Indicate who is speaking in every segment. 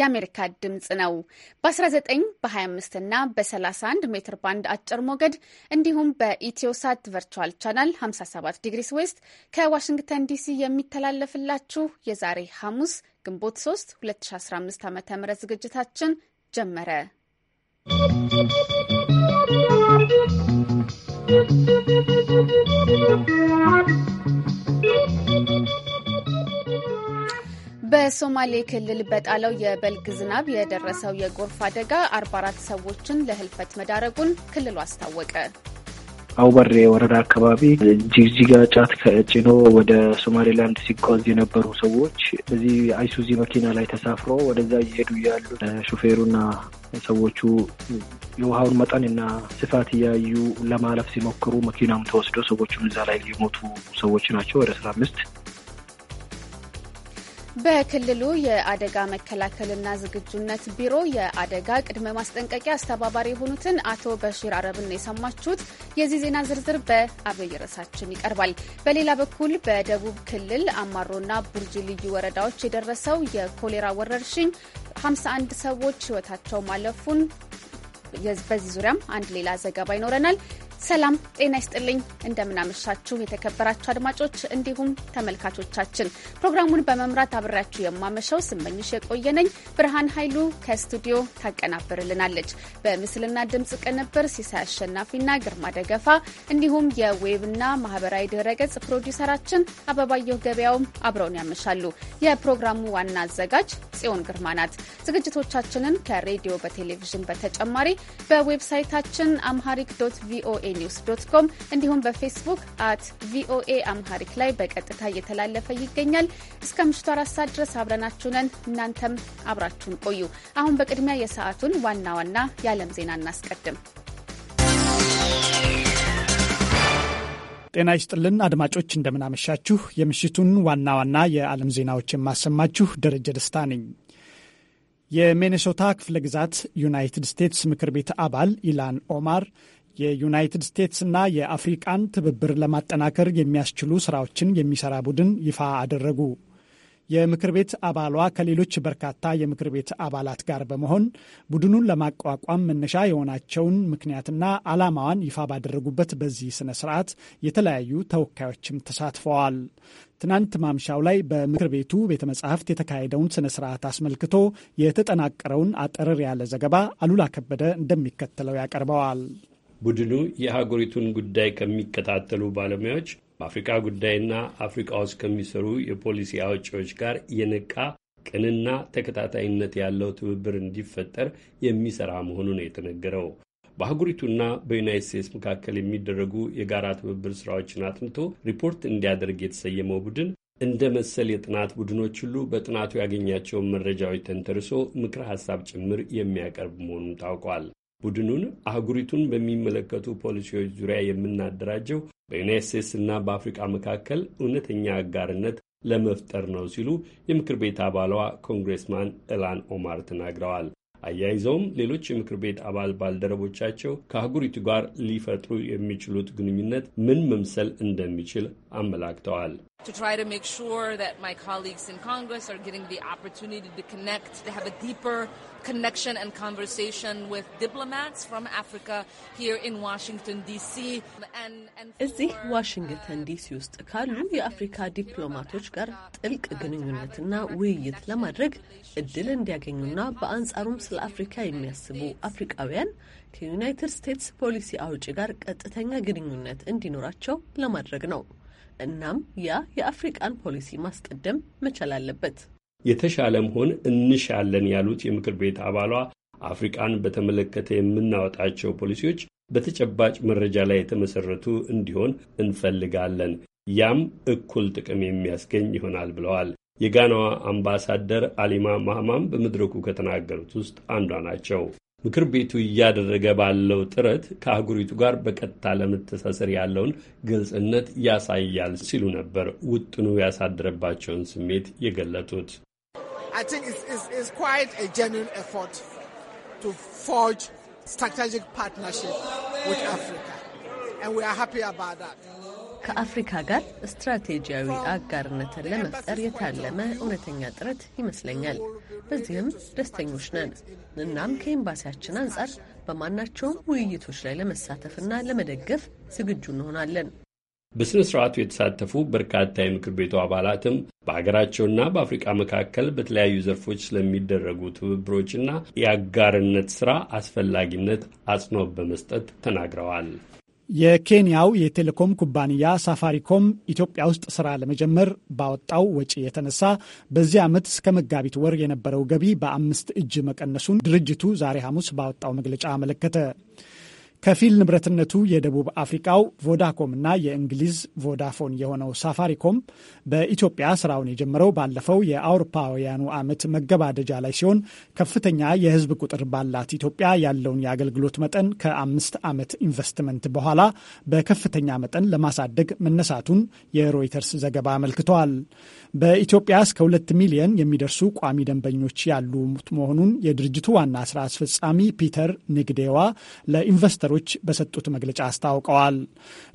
Speaker 1: የአሜሪካ ድምፅ ነው። በ19 በ25 እና በ31 ሜትር ባንድ አጭር ሞገድ እንዲሁም በኢትዮሳት ቨርቹዋል ቻናል 57 ዲግሪስ ዌስት ከዋሽንግተን ዲሲ የሚተላለፍላችሁ የዛሬ ሐሙስ ግንቦት 3 2015 ም ዝግጅታችን ጀመረ። ¶¶ በሶማሌ ክልል በጣለው የበልግ ዝናብ የደረሰው የጎርፍ አደጋ 44 ሰዎችን ለህልፈት መዳረጉን ክልሉ አስታወቀ።
Speaker 2: አውበሬ ወረዳ አካባቢ ጅግጅጋ ጫት ጭኖ ወደ ሶማሌላንድ ሲጓዝ የነበሩ ሰዎች በዚህ አይሱዚ መኪና ላይ ተሳፍሮ ወደዛ እየሄዱ ያሉ ሹፌሩና ሰዎቹ የውሃውን መጠንና ስፋት እያዩ ለማለፍ ሲሞክሩ መኪናም ተወስዶ ሰዎቹም እዛ ላይ የሞቱ ሰዎች ናቸው ወደ አስራ አምስት
Speaker 1: በክልሉ የአደጋ መከላከልና ዝግጁነት ቢሮ የአደጋ ቅድመ ማስጠንቀቂያ አስተባባሪ የሆኑትን አቶ በሺር አረብን የሰማችሁት። የዚህ ዜና ዝርዝር በአብይ ርዕሳችን ይቀርባል። በሌላ በኩል በደቡብ ክልል አማሮና ቡርጂ ልዩ ወረዳዎች የደረሰው የኮሌራ ወረርሽኝ 51 ሰዎች ሕይወታቸው ማለፉን በዚህ ዙሪያም አንድ ሌላ ዘገባ ይኖረናል። ሰላም ጤና ይስጥልኝ። እንደምናመሻችሁ የተከበራችሁ አድማጮች እንዲሁም ተመልካቾቻችን፣ ፕሮግራሙን በመምራት አብሬያችሁ የማመሸው ስመኝሽ የቆየነኝ። ብርሃን ኃይሉ ከስቱዲዮ ታቀናብርልናለች። በምስልና ድምፅ ቅንብር ሲሳይ አሸናፊና ግርማ ደገፋ እንዲሁም የዌብና ማህበራዊ ድረገጽ ፕሮዲውሰራችን አበባየሁ ገበያውም አብረውን ያመሻሉ። የፕሮግራሙ ዋና አዘጋጅ ጽዮን ግርማ ናት። ዝግጅቶቻችንን ከሬዲዮ በቴሌቪዥን በተጨማሪ በዌብሳይታችን አምሃሪክ ዶት ቪኦኤ ኒውስ ዶት ኮም እንዲሁም በፌስቡክ አት ቪኦኤ አምሃሪክ ላይ በቀጥታ እየተላለፈ ይገኛል። እስከ ምሽቱ አራት ሰዓት ድረስ አብረናችሁ ነን። እናንተም አብራችሁን ቆዩ። አሁን በቅድሚያ የሰዓቱን ዋና ዋና የዓለም ዜና እናስቀድም።
Speaker 3: ጤና ይስጥልን አድማጮች፣ እንደምናመሻችሁ። የምሽቱን ዋና ዋና የዓለም ዜናዎች የማሰማችሁ ደረጀ ደስታ ነኝ። የሚኔሶታ ክፍለ ግዛት ዩናይትድ ስቴትስ ምክር ቤት አባል ኢላን ኦማር የዩናይትድ ስቴትስና የአፍሪቃን ትብብር ለማጠናከር የሚያስችሉ ስራዎችን የሚሰራ ቡድን ይፋ አደረጉ። የምክር ቤት አባሏ ከሌሎች በርካታ የምክር ቤት አባላት ጋር በመሆን ቡድኑን ለማቋቋም መነሻ የሆናቸውን ምክንያትና ዓላማዋን ይፋ ባደረጉበት በዚህ ስነ ስርዓት የተለያዩ ተወካዮችም ተሳትፈዋል። ትናንት ማምሻው ላይ በምክር ቤቱ ቤተ መጻሕፍት የተካሄደውን ስነ ስርዓት አስመልክቶ የተጠናቀረውን አጠር ያለ ዘገባ አሉላ ከበደ እንደሚከተለው ያቀርበዋል።
Speaker 4: ቡድኑ የሀገሪቱን ጉዳይ ከሚከታተሉ ባለሙያዎች በአፍሪካ ጉዳይና አፍሪካ ውስጥ ከሚሰሩ የፖሊሲ አውጪዎች ጋር የነቃ ቅንና ተከታታይነት ያለው ትብብር እንዲፈጠር የሚሰራ መሆኑ ነው የተነገረው። በአህጉሪቱና በዩናይት ስቴትስ መካከል የሚደረጉ የጋራ ትብብር ስራዎችን አጥንቶ ሪፖርት እንዲያደርግ የተሰየመው ቡድን እንደ መሰል የጥናት ቡድኖች ሁሉ በጥናቱ ያገኛቸውን መረጃዎች ተንተርሶ ምክረ ሀሳብ ጭምር የሚያቀርብ መሆኑን ታውቋል። ቡድኑን አህጉሪቱን በሚመለከቱ ፖሊሲዎች ዙሪያ የምናደራጀው በዩናይት ስቴትስ እና በአፍሪቃ መካከል እውነተኛ አጋርነት ለመፍጠር ነው ሲሉ የምክር ቤት አባሏ ኮንግሬስማን እላን ኦማር ተናግረዋል። አያይዘውም ሌሎች የምክር ቤት አባል ባልደረቦቻቸው ከአህጉሪቱ ጋር ሊፈጥሩ የሚችሉት ግንኙነት ምን መምሰል እንደሚችል አመላክተዋል።
Speaker 5: to try to make sure that my colleagues in Congress are getting the opportunity
Speaker 6: to connect, to have a deeper connection and conversation with diplomats from Africa here in Washington DC. እዚህ ዋሽንግተን ዲሲ ውስጥ ካሉ የአፍሪካ ዲፕሎማቶች ጋር ጥልቅ ግንኙነትና ውይይት ለማድረግ እድል እንዲያገኙና በአንጻሩም ስለ አፍሪካ የሚያስቡ አፍሪካውያን ከዩናይትድ ስቴትስ ፖሊሲ አውጪ ጋር ቀጥተኛ ግንኙነት እንዲኖራቸው ለማድረግ ነው። እናም ያ የአፍሪቃን ፖሊሲ ማስቀደም መቻል አለበት።
Speaker 4: የተሻለ መሆን እንሻለን ያሉት የምክር ቤት አባሏ አፍሪቃን በተመለከተ የምናወጣቸው ፖሊሲዎች በተጨባጭ መረጃ ላይ የተመሰረቱ እንዲሆን እንፈልጋለን፣ ያም እኩል ጥቅም የሚያስገኝ ይሆናል ብለዋል። የጋናዋ አምባሳደር አሊማ ማህማም በመድረኩ ከተናገሩት ውስጥ አንዷ ናቸው። ምክር ቤቱ እያደረገ ባለው ጥረት ከአህጉሪቱ ጋር በቀጥታ ለመተሳሰር ያለውን ግልጽነት ያሳያል ሲሉ ነበር ውጥኑ ያሳደረባቸውን ስሜት የገለጡት።
Speaker 7: ስትራቴጂክ ፓርትነርሺፕ ዊዝ አፍሪካ ከአፍሪካ
Speaker 6: ጋር ስትራቴጂያዊ አጋርነትን ለመፍጠር የታለመ እውነተኛ ጥረት ይመስለኛል። በዚህም ደስተኞች ነን። እናም ከኤምባሲያችን አንጻር በማናቸውም ውይይቶች ላይ ለመሳተፍና ለመደገፍ ዝግጁ እንሆናለን።
Speaker 4: በሥነ ሥርዓቱ የተሳተፉ በርካታ የምክር ቤቱ አባላትም በሀገራቸውና በአፍሪቃ መካከል በተለያዩ ዘርፎች ስለሚደረጉ ትብብሮችና የአጋርነት ሥራ አስፈላጊነት አጽንኦት በመስጠት ተናግረዋል።
Speaker 3: የኬንያው የቴሌኮም ኩባንያ ሳፋሪኮም ኢትዮጵያ ውስጥ ስራ ለመጀመር ባወጣው ወጪ የተነሳ በዚህ ዓመት እስከ መጋቢት ወር የነበረው ገቢ በአምስት እጅ መቀነሱን ድርጅቱ ዛሬ ሐሙስ ባወጣው መግለጫ አመለከተ። ከፊል ንብረትነቱ የደቡብ አፍሪካው ቮዳኮም እና የእንግሊዝ ቮዳፎን የሆነው ሳፋሪኮም በኢትዮጵያ ስራውን የጀመረው ባለፈው የአውሮፓውያኑ ዓመት መገባደጃ ላይ ሲሆን ከፍተኛ የሕዝብ ቁጥር ባላት ኢትዮጵያ ያለውን የአገልግሎት መጠን ከአምስት ዓመት ኢንቨስትመንት በኋላ በከፍተኛ መጠን ለማሳደግ መነሳቱን የሮይተርስ ዘገባ አመልክተዋል። በኢትዮጵያ እስከ ሁለት ሚሊየን የሚደርሱ ቋሚ ደንበኞች ያሉት መሆኑን የድርጅቱ ዋና ስራ አስፈጻሚ ፒተር ንግዴዋ ለኢንቨስተሮች ባለሀብቶች በሰጡት መግለጫ አስታውቀዋል።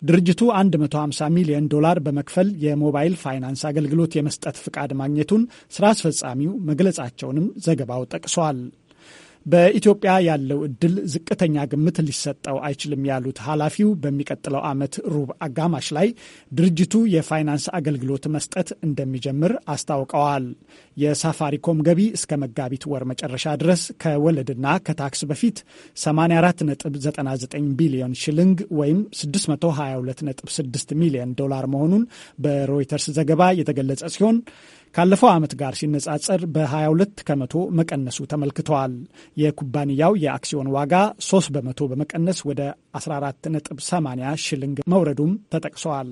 Speaker 3: ድርጅቱ 150 ሚሊዮን ዶላር በመክፈል የሞባይል ፋይናንስ አገልግሎት የመስጠት ፍቃድ ማግኘቱን ስራ አስፈጻሚው መግለጻቸውንም ዘገባው ጠቅሷል። በኢትዮጵያ ያለው እድል ዝቅተኛ ግምት ሊሰጠው አይችልም ያሉት ኃላፊው በሚቀጥለው ዓመት ሩብ አጋማሽ ላይ ድርጅቱ የፋይናንስ አገልግሎት መስጠት እንደሚጀምር አስታውቀዋል። የሳፋሪኮም ገቢ እስከ መጋቢት ወር መጨረሻ ድረስ ከወለድና ከታክስ በፊት 84.99 ቢሊዮን ሽልንግ ወይም 622.6 ሚሊዮን ዶላር መሆኑን በሮይተርስ ዘገባ የተገለጸ ሲሆን ካለፈው ዓመት ጋር ሲነጻጸር በ22 ከመቶ መቀነሱ ተመልክተዋል። የኩባንያው የአክሲዮን ዋጋ 3 በመቶ በመቀነስ ወደ 14.80 ሽልንግ መውረዱም ተጠቅሰዋል።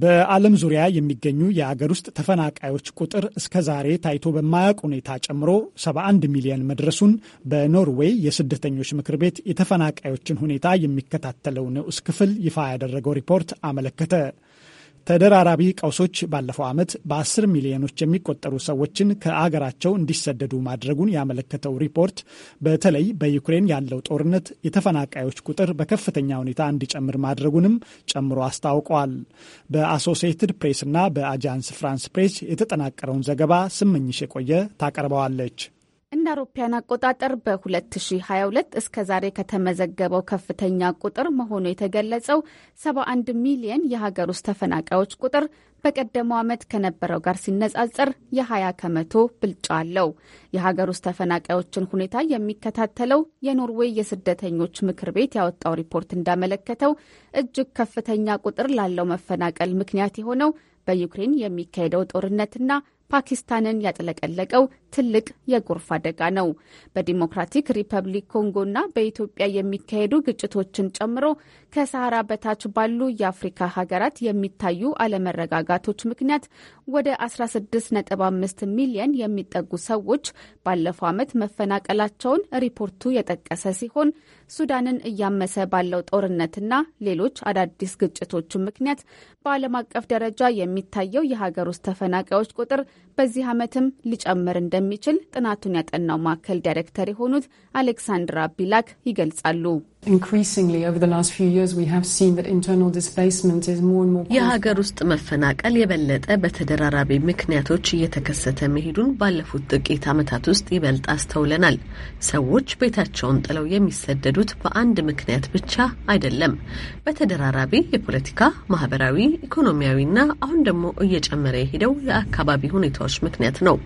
Speaker 3: በዓለም ዙሪያ የሚገኙ የአገር ውስጥ ተፈናቃዮች ቁጥር እስከ ዛሬ ታይቶ በማያውቅ ሁኔታ ጨምሮ 71 ሚሊዮን መድረሱን በኖርዌይ የስደተኞች ምክር ቤት የተፈናቃዮችን ሁኔታ የሚከታተለው ንዑስ ክፍል ይፋ ያደረገው ሪፖርት አመለከተ። ተደራራቢ ቀውሶች ባለፈው ዓመት በአስር ሚሊዮኖች የሚቆጠሩ ሰዎችን ከአገራቸው እንዲሰደዱ ማድረጉን ያመለከተው ሪፖርት በተለይ በዩክሬን ያለው ጦርነት የተፈናቃዮች ቁጥር በከፍተኛ ሁኔታ እንዲጨምር ማድረጉንም ጨምሮ አስታውቋል። በአሶሲየትድ እና በአጃንስ ፍራንስ ፕሬስ የተጠናቀረውን ዘገባ ስመኝሽ የቆየ ታቀርበዋለች።
Speaker 1: እንደ አውሮፓያን አቆጣጠር በ2022 እስከ ዛሬ ከተመዘገበው ከፍተኛ ቁጥር መሆኑ የተገለጸው 71 ሚሊየን የሀገር ውስጥ ተፈናቃዮች ቁጥር በቀደመው ዓመት ከነበረው ጋር ሲነጻጸር የ20 ከመቶ ብልጫ አለው። የሀገር ውስጥ ተፈናቃዮችን ሁኔታ የሚከታተለው የኖርዌይ የስደተኞች ምክር ቤት ያወጣው ሪፖርት እንዳመለከተው እጅግ ከፍተኛ ቁጥር ላለው መፈናቀል ምክንያት የሆነው በዩክሬን የሚካሄደው ጦርነትና ፓኪስታንን ያጥለቀለቀው ትልቅ የጎርፍ አደጋ ነው። በዲሞክራቲክ ሪፐብሊክ ኮንጎና በኢትዮጵያ የሚካሄዱ ግጭቶችን ጨምሮ ከሰሃራ በታች ባሉ የአፍሪካ ሀገራት የሚታዩ አለመረጋጋቶች ምክንያት ወደ 16.5 ሚሊየን የሚጠጉ ሰዎች ባለፈው ዓመት መፈናቀላቸውን ሪፖርቱ የጠቀሰ ሲሆን ሱዳንን እያመሰ ባለው ጦርነትና ሌሎች አዳዲስ ግጭቶች ምክንያት በዓለም አቀፍ ደረጃ የሚታየው የሀገር ውስጥ ተፈናቃዮች ቁጥር በዚህ ዓመትም ሊጨምር እንደ እንደሚችል ጥናቱን ያጠናው ማዕከል ዳይሬክተር የሆኑት አሌክሳንድራ ቢላክ ይገልጻሉ።
Speaker 8: የሀገር
Speaker 6: ውስጥ መፈናቀል የበለጠ በተደራራቢ ምክንያቶች እየተከሰተ መሄዱን ባለፉት ጥቂት ዓመታት ውስጥ ይበልጥ አስተውለናል። ሰዎች ቤታቸውን ጥለው የሚሰደዱት በአንድ ምክንያት ብቻ አይደለም። በተደራራቢ የፖለቲካ፣ ማህበራዊ፣ ኢኮኖሚያዊና አሁን ደግሞ እየጨመረ የሄደው የአካባቢ ሁኔታዎች ምክንያት ነው።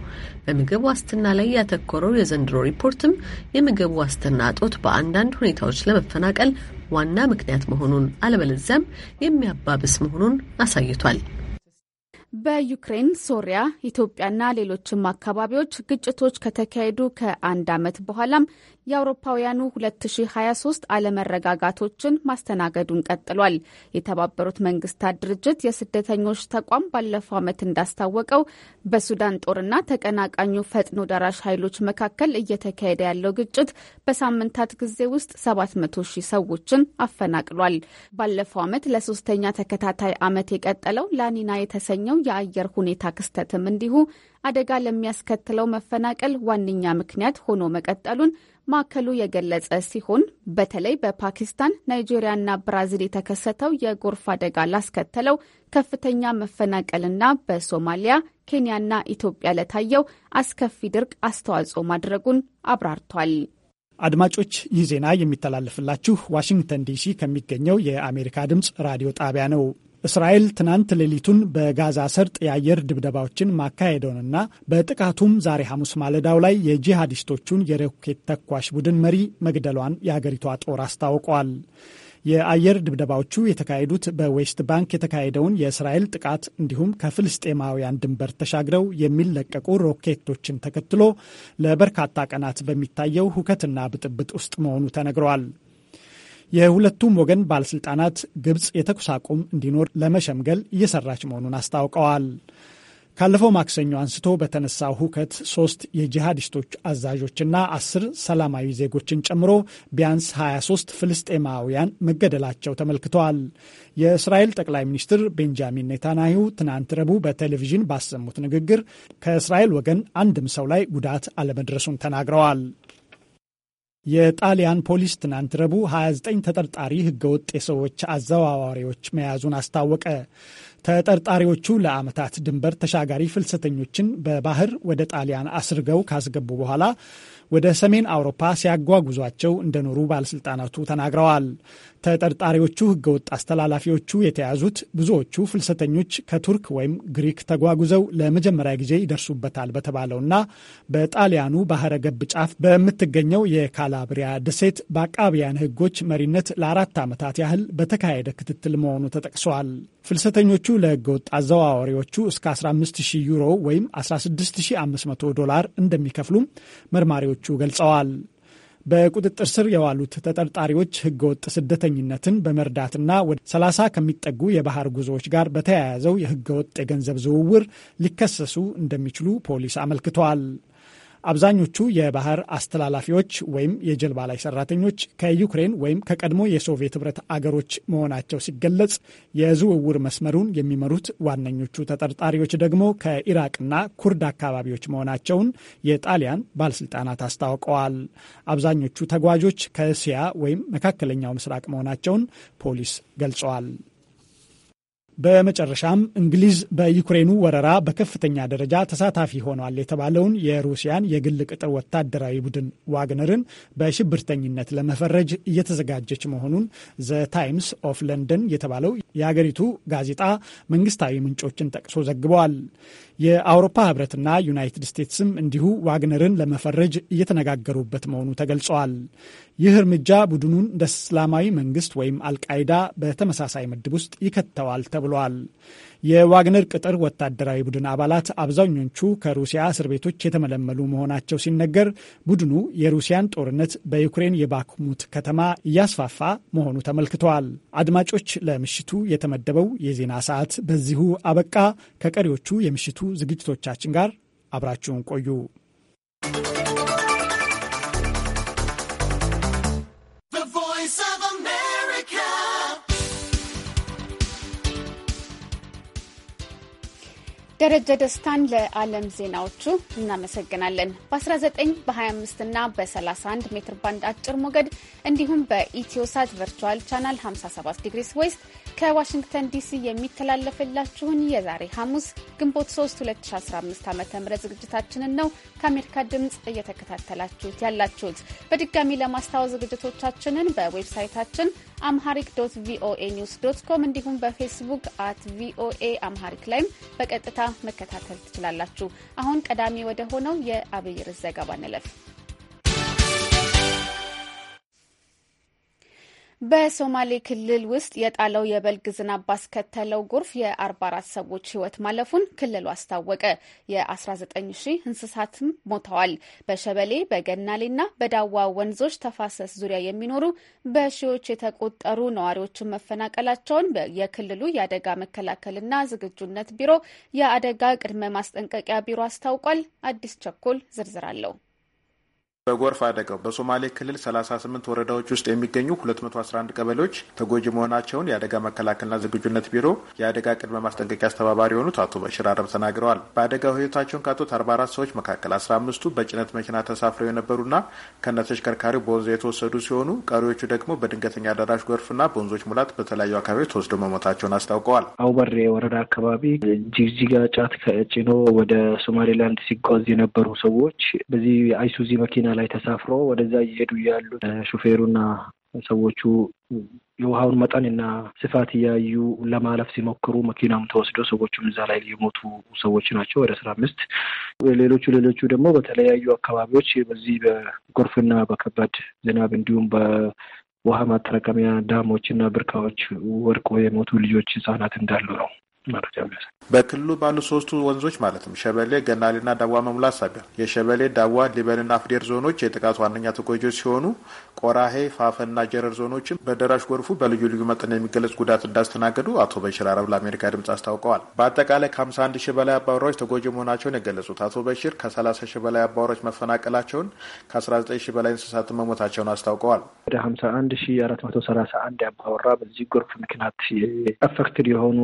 Speaker 6: በምግብ ዋስትና ላይ ያተኮረው የዘንድሮ ሪፖርትም የምግብ ዋስትና እጦት በአንዳንድ ሁኔታዎች ለመ መፈናቀል ዋና ምክንያት መሆኑን አለበለዚያም የሚያባብስ መሆኑን አሳይቷል።
Speaker 1: በዩክሬን፣ ሶሪያ፣ ኢትዮጵያና ሌሎችም አካባቢዎች ግጭቶች ከተካሄዱ ከአንድ ዓመት በኋላም የአውሮፓውያኑ 2023 አለመረጋጋቶችን ማስተናገዱን ቀጥሏል። የተባበሩት መንግስታት ድርጅት የስደተኞች ተቋም ባለፈው ዓመት እንዳስታወቀው በሱዳን ጦርና ተቀናቃኙ ፈጥኖ ደራሽ ኃይሎች መካከል እየተካሄደ ያለው ግጭት በሳምንታት ጊዜ ውስጥ 700 ሺህ ሰዎችን አፈናቅሏል። ባለፈው ዓመት ለሶስተኛ ተከታታይ ዓመት የቀጠለው ላኒና የተሰኘው የአየር ሁኔታ ክስተትም እንዲሁ አደጋ ለሚያስከትለው መፈናቀል ዋነኛ ምክንያት ሆኖ መቀጠሉን ማዕከሉ የገለጸ ሲሆን በተለይ በፓኪስታን ናይጄሪያና ብራዚል የተከሰተው የጎርፍ አደጋ ላስከተለው ከፍተኛ መፈናቀልና በሶማሊያ ኬንያና ኢትዮጵያ ለታየው አስከፊ ድርቅ አስተዋጽኦ ማድረጉን አብራርቷል።
Speaker 3: አድማጮች ይህ ዜና የሚተላለፍላችሁ ዋሽንግተን ዲሲ ከሚገኘው የአሜሪካ ድምፅ ራዲዮ ጣቢያ ነው። እስራኤል ትናንት ሌሊቱን በጋዛ ሰርጥ የአየር ድብደባዎችን ማካሄደውንና በጥቃቱም ዛሬ ሐሙስ ማለዳው ላይ የጂሃዲስቶቹን የሮኬት ተኳሽ ቡድን መሪ መግደሏን የአገሪቷ ጦር አስታውቋል። የአየር ድብደባዎቹ የተካሄዱት በዌስት ባንክ የተካሄደውን የእስራኤል ጥቃት እንዲሁም ከፍልስጤማውያን ድንበር ተሻግረው የሚለቀቁ ሮኬቶችን ተከትሎ ለበርካታ ቀናት በሚታየው ሁከትና ብጥብጥ ውስጥ መሆኑ ተነግረዋል። የሁለቱም ወገን ባለስልጣናት ግብጽ የተኩስ አቁም እንዲኖር ለመሸምገል እየሰራች መሆኑን አስታውቀዋል። ካለፈው ማክሰኞ አንስቶ በተነሳው ሁከት ሶስት የጂሃዲስቶች አዛዦችና አስር ሰላማዊ ዜጎችን ጨምሮ ቢያንስ 23 ፍልስጤማውያን መገደላቸው ተመልክተዋል። የእስራኤል ጠቅላይ ሚኒስትር ቤንጃሚን ኔታንያሁ ትናንት ረቡዕ በቴሌቪዥን ባሰሙት ንግግር ከእስራኤል ወገን አንድም ሰው ላይ ጉዳት አለመድረሱን ተናግረዋል። የጣሊያን ፖሊስ ትናንት ረቡዕ 29 ተጠርጣሪ ህገወጥ የሰዎች አዘዋዋሪዎች መያዙን አስታወቀ። ተጠርጣሪዎቹ ለዓመታት ድንበር ተሻጋሪ ፍልሰተኞችን በባህር ወደ ጣሊያን አስርገው ካስገቡ በኋላ ወደ ሰሜን አውሮፓ ሲያጓጉዟቸው እንደኖሩ ባለሥልጣናቱ ተናግረዋል። ተጠርጣሪዎቹ ህገወጥ አስተላላፊዎቹ የተያዙት ብዙዎቹ ፍልሰተኞች ከቱርክ ወይም ግሪክ ተጓጉዘው ለመጀመሪያ ጊዜ ይደርሱበታል በተባለውና በጣሊያኑ ባህረ ገብ ጫፍ በምትገኘው የካላብሪያ ደሴት በአቃቢያን ህጎች መሪነት ለአራት ዓመታት ያህል በተካሄደ ክትትል መሆኑ ተጠቅሰዋል። ፍልሰተኞቹ ለህገወጥ አዘዋዋሪዎቹ እስከ 15000 ዩሮ ወይም 16500 ዶላር እንደሚከፍሉም መርማሪዎቹ ገልጸዋል። በቁጥጥር ስር የዋሉት ተጠርጣሪዎች ህገወጥ ስደተኝነትን በመርዳትና ወደ 30 ከሚጠጉ የባህር ጉዞዎች ጋር በተያያዘው የህገወጥ የገንዘብ ዝውውር ሊከሰሱ እንደሚችሉ ፖሊስ አመልክቷል። አብዛኞቹ የባህር አስተላላፊዎች ወይም የጀልባ ላይ ሰራተኞች ከዩክሬን ወይም ከቀድሞ የሶቪየት ህብረት አገሮች መሆናቸው ሲገለጽ፣ የዝውውር መስመሩን የሚመሩት ዋነኞቹ ተጠርጣሪዎች ደግሞ ከኢራቅና ኩርድ አካባቢዎች መሆናቸውን የጣሊያን ባለስልጣናት አስታውቀዋል። አብዛኞቹ ተጓዦች ከእስያ ወይም መካከለኛው ምስራቅ መሆናቸውን ፖሊስ ገልጸዋል። በመጨረሻም እንግሊዝ በዩክሬኑ ወረራ በከፍተኛ ደረጃ ተሳታፊ ሆኗል የተባለውን የሩሲያን የግል ቅጥር ወታደራዊ ቡድን ዋግነርን በሽብርተኝነት ለመፈረጅ እየተዘጋጀች መሆኑን ዘ ታይምስ ኦፍ ለንደን የተባለው የአገሪቱ ጋዜጣ መንግስታዊ ምንጮችን ጠቅሶ ዘግበዋል። የአውሮፓ ህብረትና ዩናይትድ ስቴትስም እንዲሁ ዋግነርን ለመፈረጅ እየተነጋገሩበት መሆኑ ተገልጸዋል። ይህ እርምጃ ቡድኑን እንደ እስላማዊ መንግስት ወይም አልቃይዳ በተመሳሳይ ምድብ ውስጥ ይከተዋል ተብሏል። የዋግነር ቅጥር ወታደራዊ ቡድን አባላት አብዛኞቹ ከሩሲያ እስር ቤቶች የተመለመሉ መሆናቸው ሲነገር ቡድኑ የሩሲያን ጦርነት በዩክሬን የባክሙት ከተማ እያስፋፋ መሆኑ ተመልክተዋል። አድማጮች፣ ለምሽቱ የተመደበው የዜና ሰዓት በዚሁ አበቃ። ከቀሪዎቹ የምሽቱ ዝግጅቶቻችን ጋር አብራችሁን ቆዩ።
Speaker 1: ደረጀ ደስታን ለዓለም ዜናዎቹ እናመሰግናለን። በ19 በ25 እና በ31 ሜትር ባንድ አጭር ሞገድ እንዲሁም በኢትዮሳት ቨርቹዋል ቻናል 57 ዲግሪስ ዌስት ከዋሽንግተን ዲሲ የሚተላለፍላችሁን የዛሬ ሐሙስ ግንቦት 3 2015 ዓ ም ዝግጅታችንን ነው ከአሜሪካ ድምፅ እየተከታተላችሁት ያላችሁት። በድጋሚ ለማስታወስ ዝግጅቶቻችንን በዌብሳይታችን አምሃሪክ ዶት ቪኦኤ ኒውስ ዶት ኮም እንዲሁም በፌስቡክ አት ቪኦኤ አምሃሪክ ላይም በቀጥታ መከታተል ትችላላችሁ። አሁን ቀዳሚ ወደ ሆነው የአብይር ዘገባ ንለፍ። በሶማሌ ክልል ውስጥ የጣለው የበልግ ዝናብ ባስከተለው ጎርፍ የ44 ሰዎች ሕይወት ማለፉን ክልሉ አስታወቀ። የ19 ሺህ እንስሳትም ሞተዋል። በሸበሌ በገናሌና በዳዋ ወንዞች ተፋሰስ ዙሪያ የሚኖሩ በሺዎች የተቆጠሩ ነዋሪዎችን መፈናቀላቸውን የክልሉ የአደጋ መከላከልና ዝግጁነት ቢሮ የአደጋ ቅድመ ማስጠንቀቂያ ቢሮ አስታውቋል። አዲስ ቸኮል ዝርዝር አለው።
Speaker 9: በጎርፍ አደጋው በሶማሌ ክልል 38 ወረዳዎች ውስጥ የሚገኙ 211 ቀበሌዎች ተጎጂ መሆናቸውን የአደጋ መከላከልና ዝግጁነት ቢሮ የአደጋ ቅድመ ማስጠንቀቂያ አስተባባሪ የሆኑት አቶ በሽር አረብ ተናግረዋል። በአደጋው ህይወታቸውን ካጡት 44 ሰዎች መካከል 15ቱ በጭነት መኪና ተሳፍረው የነበሩና ከነተሽከርካሪው በወንዝ የተወሰዱ ሲሆኑ ቀሪዎቹ ደግሞ በድንገተኛ አዳራሽ ጎርፍና በወንዞች ሙላት በተለያዩ አካባቢዎች ተወስዶ መሞታቸውን አስታውቀዋል። አውበሬ ወረዳ
Speaker 2: አካባቢ ጅግጅጋ ጫት ጭኖ ወደ ሶማሌላንድ ሲጓዝ የነበሩ ሰዎች በዚህ አይሱዚ መኪና ላይ ተሳፍሮ ወደዛ እየሄዱ ያሉ ሹፌሩና ሰዎቹ የውሃውን መጠንና ስፋት እያዩ ለማለፍ ሲሞክሩ መኪናም ተወስዶ ሰዎቹም እዛ ላይ የሞቱ ሰዎች ናቸው ወደ አስራ አምስት ሌሎቹ ሌሎቹ ደግሞ በተለያዩ አካባቢዎች በዚህ በጎርፍና በከባድ ዝናብ እንዲሁም በውሃ ማጠራቀሚያ ዳሞች እና ብርካዎች ወድቆ የሞቱ ልጆች ህጻናት እንዳሉ ነው መረጃ
Speaker 9: በክልሉ ባሉ ሶስቱ ወንዞች ማለትም ሸበሌ፣ ገናሌና ዳዋ መሙላት ሳቢያ የሸበሌ ዳዋ፣ ሊበንና አፍዴር ዞኖች የጥቃቱ ዋነኛ ተጎጂዎች ሲሆኑ ቆራሄ፣ ፋፈንና ጀረር ዞኖችም በደራሽ ጎርፉ በልዩ ልዩ መጠን የሚገለጽ ጉዳት እንዳስተናገዱ አቶ በሽር አረብ ለአሜሪካ ድምጽ አስታውቀዋል። በአጠቃላይ ከ51 ሺህ በላይ አባወራዎች ተጎጂ መሆናቸውን የገለጹት አቶ በሽር ከ30 ሺህ በላይ አባወራዎች መፈናቀላቸውን፣ ከ19 ሺህ በላይ እንስሳት መሞታቸውን አስታውቀዋል።
Speaker 2: ወደ 51 ሺህ 431 አባወራ በዚህ ጎርፍ ምክንያት አፌክትድ የሆኑ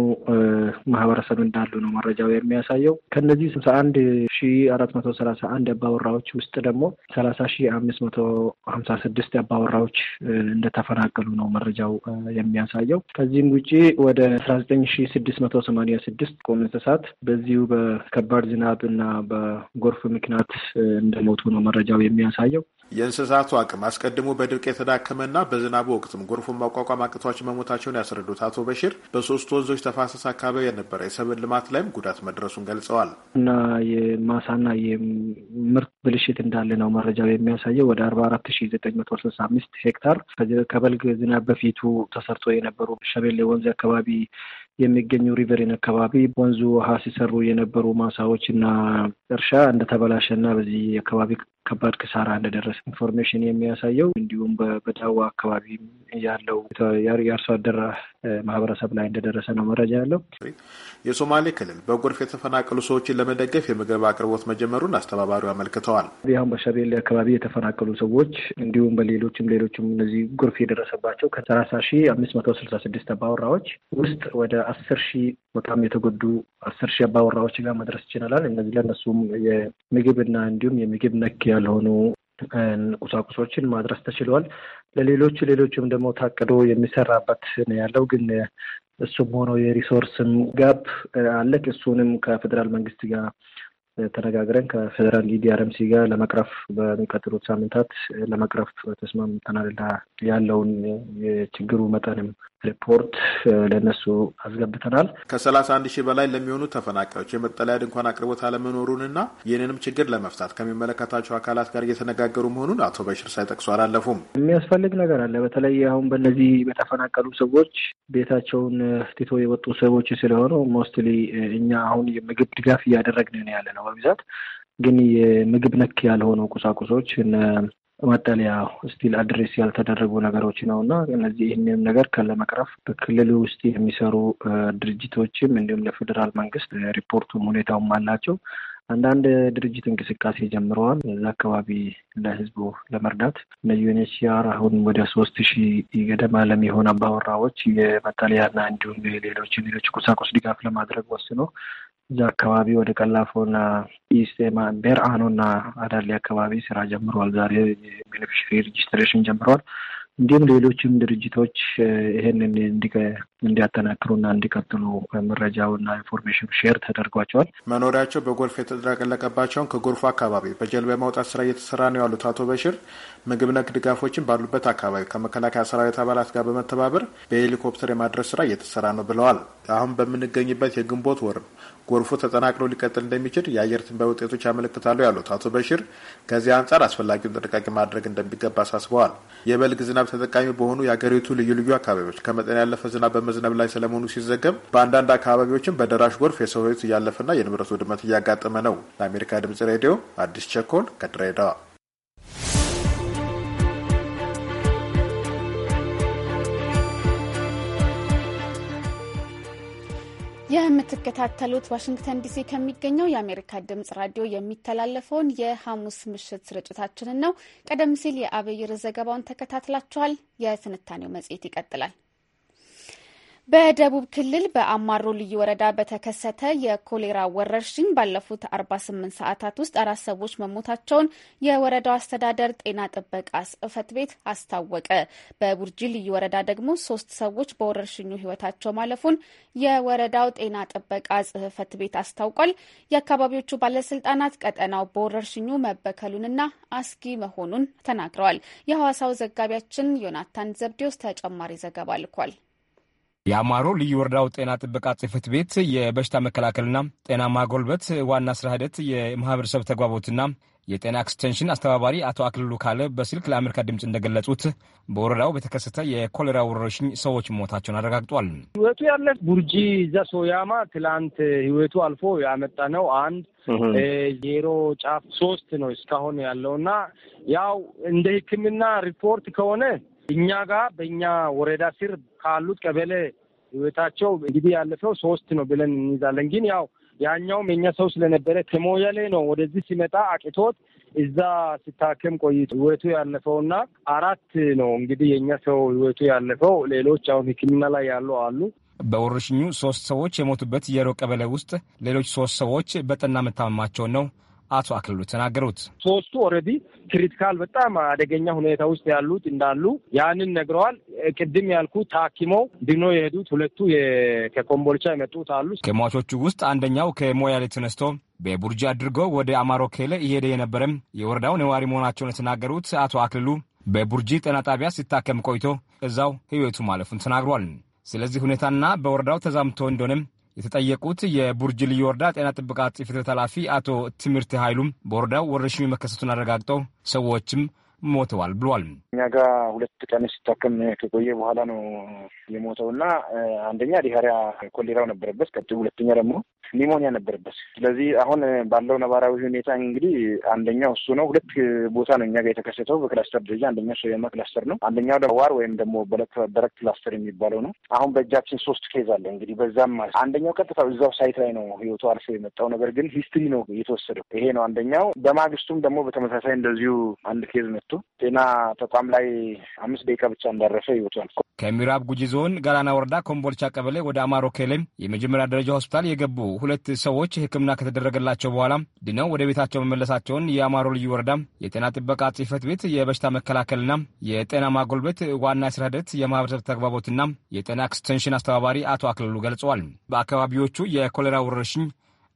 Speaker 2: ማህበረሰብ እንዳሉ ነው መረጃው የሚያሳየው። ከነዚህ ስልሳ አንድ ሺ አራት መቶ ሰላሳ አንድ አባወራዎች ውስጥ ደግሞ ሰላሳ ሺ አምስት መቶ ሀምሳ ስድስት አባወራዎች እንደተፈናቀሉ ነው መረጃው የሚያሳየው። ከዚህም ውጪ ወደ አስራ ዘጠኝ ሺ ስድስት መቶ ሰማኒያ ስድስት ቁም እንስሳት በዚሁ በከባድ ዝናብ እና በጎርፍ ምክንያት እንደሞቱ ነው መረጃው የሚያሳየው።
Speaker 9: የእንስሳቱ አቅም አስቀድሞ በድርቅ የተዳከመና በዝናቡ ወቅትም ጎርፉን መቋቋም አቅቷቸው መሞታቸውን ያስረዱት አቶ በሽር በሶስት ወንዞች ተፋሰስ አካባቢ የነበረ የሰብል ልማት ላይም ጉዳት መድረሱን ገልጸዋል።
Speaker 2: እና የማሳና የምርት ብልሽት እንዳለ ነው መረጃው የሚያሳየው። ወደ አርባ አራት ሺ ዘጠኝ መቶ ስልሳ አምስት ሄክታር ከበልግ ዝናብ በፊቱ ተሰርቶ የነበሩ ሸቤሌ ወንዝ አካባቢ የሚገኙ ሪቨሪን አካባቢ ወንዙ ውሃ ሲሰሩ የነበሩ ማሳዎች እና እርሻ እንደተበላሸ እና በዚህ አካባቢ ከባድ ክሳራ እንደደረሰ ኢንፎርሜሽን የሚያሳየው እንዲሁም በዳዋ አካባቢ ያለው የአርሶ አደር ማህበረሰብ ላይ እንደደረሰ ነው መረጃ ያለው።
Speaker 9: የሶማሌ ክልል በጎርፍ የተፈናቀሉ ሰዎችን ለመደገፍ የምግብ አቅርቦት መጀመሩን አስተባባሪው አመልክተዋል።
Speaker 2: አሁን በሸቤሌ አካባቢ የተፈናቀሉ ሰዎች እንዲሁም በሌሎችም ሌሎችም እነዚህ ጎርፍ የደረሰባቸው ከሰላሳ ሺ አምስት መቶ ስልሳ ስድስት አባወራዎች ውስጥ ወደ አስር ሺህ በጣም የተጎዱ አስር ሺህ አባወራዎች ጋር መድረስ ይችላል። እነዚህ ለእነሱም የምግብና እንዲሁም የምግብ ነክ ያልሆኑ ቁሳቁሶችን ማድረስ ተችሏል። ለሌሎች ሌሎችም ደግሞ ታቅዶ የሚሰራበት ነው ያለው ግን እሱም ሆኖ የሪሶርስም ጋፕ አለ። እሱንም ከፌዴራል መንግስት ጋር ተነጋግረን ከፌዴራል ኢዲአርምሲ ጋር ለመቅረፍ በሚቀጥሉት ሳምንታት ለመቅረፍ ተስማምተናል። ያለውን የችግሩ መጠንም ሪፖርት ለነሱ አስገብተናል።
Speaker 9: ከሰላሳ አንድ ሺህ በላይ ለሚሆኑ ተፈናቃዮች የመጠለያ ድንኳን አቅርቦት አለመኖሩንና ይህንንም ችግር ለመፍታት ከሚመለከታቸው አካላት ጋር እየተነጋገሩ መሆኑን አቶ በሽር ሳይጠቅሱ አላለፉም።
Speaker 2: የሚያስፈልግ ነገር አለ። በተለይ አሁን በእነዚህ በተፈናቀሉ ሰዎች ቤታቸውን ፍትቶ የወጡ ሰዎች ስለሆኑ ሞስትሊ እኛ አሁን የምግብ ድጋፍ እያደረግን ያለ ነው በብዛት ግን የምግብ ነክ ያልሆኑ ቁሳቁሶች መጠለያ ስቲል አድሬስ ያልተደረጉ ነገሮች ነው እና እነዚህ ይህንንም ነገር ከለመቅረፍ በክልሉ ውስጥ የሚሰሩ ድርጅቶችም እንዲሁም ለፌዴራል መንግስት ሪፖርቱም ሁኔታውም አላቸው። አንዳንድ ድርጅት እንቅስቃሴ ጀምረዋል። እዛ አካባቢ ለህዝቡ ለመርዳት እነ ዩኤንኤችሲአር አሁን ወደ ሶስት ሺህ ገደማ ለሚሆን አባወራዎች የመጠለያና እንዲሁም ሌሎች ሌሎች ቁሳቁስ ድጋፍ ለማድረግ ወስኖ እዛ አካባቢ ወደ ቀላፎና ኢስቴማ ቤርአኖና አዳሌ አካባቢ ስራ ጀምረዋል። ዛሬ ቤኔፊሽሪ ሬጅስትሬሽን ጀምረዋል። እንዲሁም ሌሎችም ድርጅቶች ይህንን እንዲያጠናክሩና እንዲቀጥሉ መረጃውና ኢንፎርሜሽን ሼር
Speaker 9: ተደርጓቸዋል። መኖሪያቸው በጎርፍ የተጥለቀለቀባቸውን ከጎርፉ አካባቢ በጀልባ የማውጣት ስራ እየተሰራ ነው ያሉት አቶ በሽር ምግብ ነክ ድጋፎችን ባሉበት አካባቢ ከመከላከያ ሰራዊት አባላት ጋር በመተባበር በሄሊኮፕተር የማድረስ ስራ እየተሰራ ነው ብለዋል። አሁን በምንገኝበት የግንቦት ወርም ጎርፉ ተጠናቅሎ ሊቀጥል እንደሚችል የአየር ትንበያ ውጤቶች ያመለክታሉ ያሉት አቶ በሽር ከዚህ አንጻር አስፈላጊውን ጥንቃቄ ማድረግ እንደሚገባ አሳስበዋል። የበልግ ዝናብ ተጠቃሚ በሆኑ የአገሪቱ ልዩ ልዩ አካባቢዎች ከመጠን ያለፈ ዝናብ በመዝነብ ላይ ስለመሆኑ ሲዘገብ፣ በአንዳንድ አካባቢዎችም በደራሽ ጎርፍ የሰው ሕይወት እያለፈና የንብረት ውድመት እያጋጠመ ነው። ለአሜሪካ ድምጽ ሬዲዮ አዲስ ቸኮል
Speaker 1: ከድሬዳዋ የምትከታተሉት ዋሽንግተን ዲሲ ከሚገኘው የአሜሪካ ድምጽ ራዲዮ የሚተላለፈውን የሐሙስ ምሽት ስርጭታችንን ነው። ቀደም ሲል የአብይር ዘገባውን ተከታትላችኋል። የትንታኔው መጽሔት ይቀጥላል። በደቡብ ክልል በአማሮ ልዩ ወረዳ በተከሰተ የኮሌራ ወረርሽኝ ባለፉት 48 ሰዓታት ውስጥ አራት ሰዎች መሞታቸውን የወረዳው አስተዳደር ጤና ጥበቃ ጽሕፈት ቤት አስታወቀ። በቡርጂ ልዩ ወረዳ ደግሞ ሶስት ሰዎች በወረርሽኙ ሕይወታቸው ማለፉን የወረዳው ጤና ጥበቃ ጽሕፈት ቤት አስታውቋል። የአካባቢዎቹ ባለስልጣናት ቀጠናው በወረርሽኙ መበከሉንና አስጊ መሆኑን ተናግረዋል። የሐዋሳው ዘጋቢያችን ዮናታን ዘብዴዎስ ተጨማሪ ዘገባ ልኳል።
Speaker 10: የአማሮ ልዩ ወረዳው ጤና ጥበቃ ጽህፈት ቤት የበሽታ መከላከልና ጤና ማጎልበት ዋና ስራ ሂደት የማህበረሰብ ተግባቦትና የጤና ኤክስቴንሽን አስተባባሪ አቶ አክልሉ ካለ በስልክ ለአሜሪካ ድምፅ እንደገለጹት በወረዳው በተከሰተ የኮሌራ ወረርሽኝ ሰዎች ሞታቸውን አረጋግጧል።
Speaker 11: ህይወቱ ያለ ቡርጂ ዘሶያማ ትላንት ህይወቱ አልፎ ያመጣ ነው። አንድ ዜሮ ጫፍ ሶስት ነው እስካሁን ያለውና ያው እንደ ህክምና ሪፖርት ከሆነ እኛ ጋር በእኛ ወረዳ ስር ካሉት ቀበሌ ህይወታቸው እንግዲህ ያለፈው ሶስት ነው ብለን እንይዛለን። ግን ያው ያኛውም የኛ ሰው ስለነበረ ከሞያሌ ነው ወደዚህ ሲመጣ አቅቶት እዛ ሲታከም ቆይቶ ህይወቱ ያለፈውና አራት ነው እንግዲህ የእኛ ሰው ህይወቱ ያለፈው። ሌሎች አሁን ህክምና ላይ ያሉ አሉ።
Speaker 10: በወረርሽኙ ሶስት ሰዎች የሞቱበት የሮ ቀበሌ ውስጥ ሌሎች ሶስት ሰዎች በጠና መታመማቸው ነው አቶ አክልሉ ተናገሩት። ሶስቱ
Speaker 3: ኦልሬዲ
Speaker 11: ክሪቲካል በጣም አደገኛ ሁኔታ ውስጥ ያሉት እንዳሉ ያንን ነግረዋል። ቅድም ያልኩ ታኪሞ ድኖ የሄዱት ሁለቱ ከኮምቦልቻ የመጡት አሉ።
Speaker 10: ከሟቾቹ ውስጥ አንደኛው ከሞያሌ ተነስቶ በቡርጂ አድርጎ ወደ አማሮ ኬለ እየሄደ የነበረም የወረዳው ነዋሪ መሆናቸውን የተናገሩት አቶ አክልሉ በቡርጂ ጤና ጣቢያ ሲታከም ቆይቶ እዛው ህይወቱ ማለፉን ተናግሯል። ስለዚህ ሁኔታና በወረዳው ተዛምቶ እንደሆነም የተጠየቁት የቡርጅ ልዩ ወረዳ ጤና ጥበቃ ጽሕፈት ቤት ኃላፊ አቶ ትምህርት ኃይሉም በወረዳው ወረርሽኙ መከሰቱን አረጋግጠው ሰዎችም ሞተዋል ብሏል።
Speaker 11: እኛ ጋር ሁለት ቀን ሲታከም ከቆየ በኋላ ነው የሞተው እና አንደኛ ዲሃሪያ ኮሌራው ነበረበት፣ ቀጥ ሁለተኛ ደግሞ ኒሞኒያ ነበረበት። ስለዚህ አሁን ባለው ነባራዊ ሁኔታ እንግዲህ አንደኛው እሱ ነው። ሁለት ቦታ ነው እኛ ጋር የተከሰተው በክላስተር ደረጃ። አንደኛው ሶያማ ክላስተር ነው፣ አንደኛው ደግሞ ዋር ወይም ደግሞ በረት ክላስተር የሚባለው ነው። አሁን በእጃችን ሶስት ኬዝ አለ እንግዲህ በዛም አንደኛው ቀጥታ እዛው ሳይት ላይ ነው ህይወቱ አልፎ የመጣው ነገር ግን ሂስትሪ ነው የተወሰደው። ይሄ ነው አንደኛው። በማግስቱም ደግሞ በተመሳሳይ እንደዚሁ አንድ ኬዝ ነው ተመቱ። ጤና ተቋም ላይ አምስት ደቂቃ ብቻ እንዳረፈ ህይወቱ አልፎ
Speaker 10: ከምዕራብ ጉጂ ዞን ጋላና ወረዳ ኮምቦልቻ ቀበሌ ወደ አማሮ ኬሌም የመጀመሪያ ደረጃ ሆስፒታል የገቡ ሁለት ሰዎች ሕክምና ከተደረገላቸው በኋላ ድነው ወደ ቤታቸው መመለሳቸውን የአማሮ ልዩ ወረዳ የጤና ጥበቃ ጽህፈት ቤት የበሽታ መከላከልና የጤና ማጎልበት ዋና ስራ ሂደት የማህበረሰብ ተግባቦትና የጤና ኤክስቴንሽን አስተባባሪ አቶ አክልሉ ገልጸዋል። በአካባቢዎቹ የኮሌራ ወረርሽኝ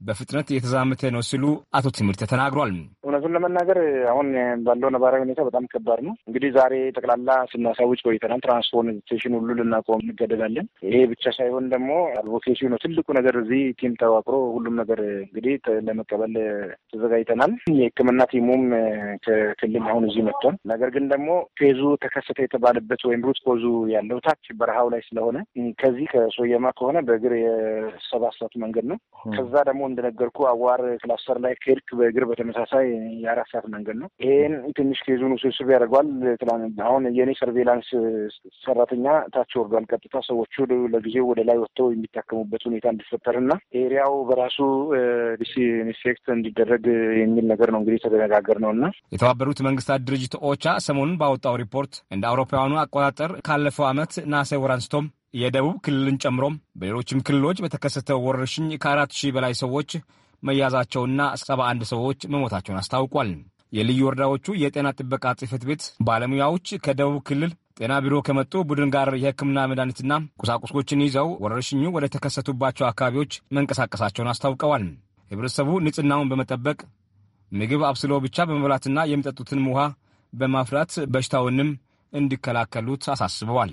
Speaker 10: በፍጥነት እየተዛመተ ነው ሲሉ አቶ ትምህርት ተናግሯል።
Speaker 11: እውነቱን ለመናገር አሁን ባለው ነባራዊ ሁኔታ በጣም ከባድ ነው። እንግዲህ ዛሬ ጠቅላላ ስናሳውጭ ቆይተናል። ትራንስፖርቴሽን ሁሉ ልናቆም እንገደዳለን። ይሄ ብቻ ሳይሆን ደግሞ አድቮኬሲ ነው ትልቁ ነገር። እዚህ ቲም ተዋቅሮ ሁሉም ነገር እንግዲህ ለመቀበል ተዘጋጅተናል። የሕክምና ቲሙም ከክልል አሁን እዚህ መጥቷል። ነገር ግን ደግሞ ፌዙ ተከሰተ የተባለበት ወይም ሩት ኮዙ ያለው ታች በረሃው ላይ ስለሆነ ከዚህ ከሶየማ ከሆነ በእግር የሰባት ሰዓት መንገድ ነው። ከዛ ደግሞ እንደነገርኩ አዋር ክላስተር ላይ ከሄድክ በእግር በተመሳሳይ የአራት ሰዓት መንገድ ነው። ይህን ትንሽ ኬዙን ውስብስብ ያደርገዋል። አሁን የኔ ሰርቬላንስ ሰራተኛ ታች ወርዷል። ቀጥታ ሰዎቹ ለጊዜው ወደ ላይ ወጥተው የሚታከሙበት ሁኔታ እንዲፈጠርና ኤሪያው በራሱ ዲስኢንፌክት እንዲደረግ የሚል ነገር ነው እንግዲህ የተነጋገር ነው እና
Speaker 10: የተባበሩት መንግስታት ድርጅት ኦቻ ሰሞኑን ባወጣው ሪፖርት እንደ አውሮፓውያኑ አቆጣጠር ካለፈው ዓመት ነሐሴ ወር አንስቶም የደቡብ ክልልን ጨምሮም በሌሎችም ክልሎች በተከሰተው ወረርሽኝ ከአራት ሺህ በላይ ሰዎች መያዛቸውና ሰባ አንድ ሰዎች መሞታቸውን አስታውቋል። የልዩ ወረዳዎቹ የጤና ጥበቃ ጽህፈት ቤት ባለሙያዎች ከደቡብ ክልል ጤና ቢሮ ከመጡ ቡድን ጋር የሕክምና መድኃኒትና ቁሳቁሶችን ይዘው ወረርሽኙ ወደ ተከሰቱባቸው አካባቢዎች መንቀሳቀሳቸውን አስታውቀዋል። ህብረተሰቡ ንጽህናውን በመጠበቅ ምግብ አብስሎ ብቻ በመብላትና የሚጠጡትን ውሃ በማፍራት በሽታውንም እንዲከላከሉት አሳስበዋል።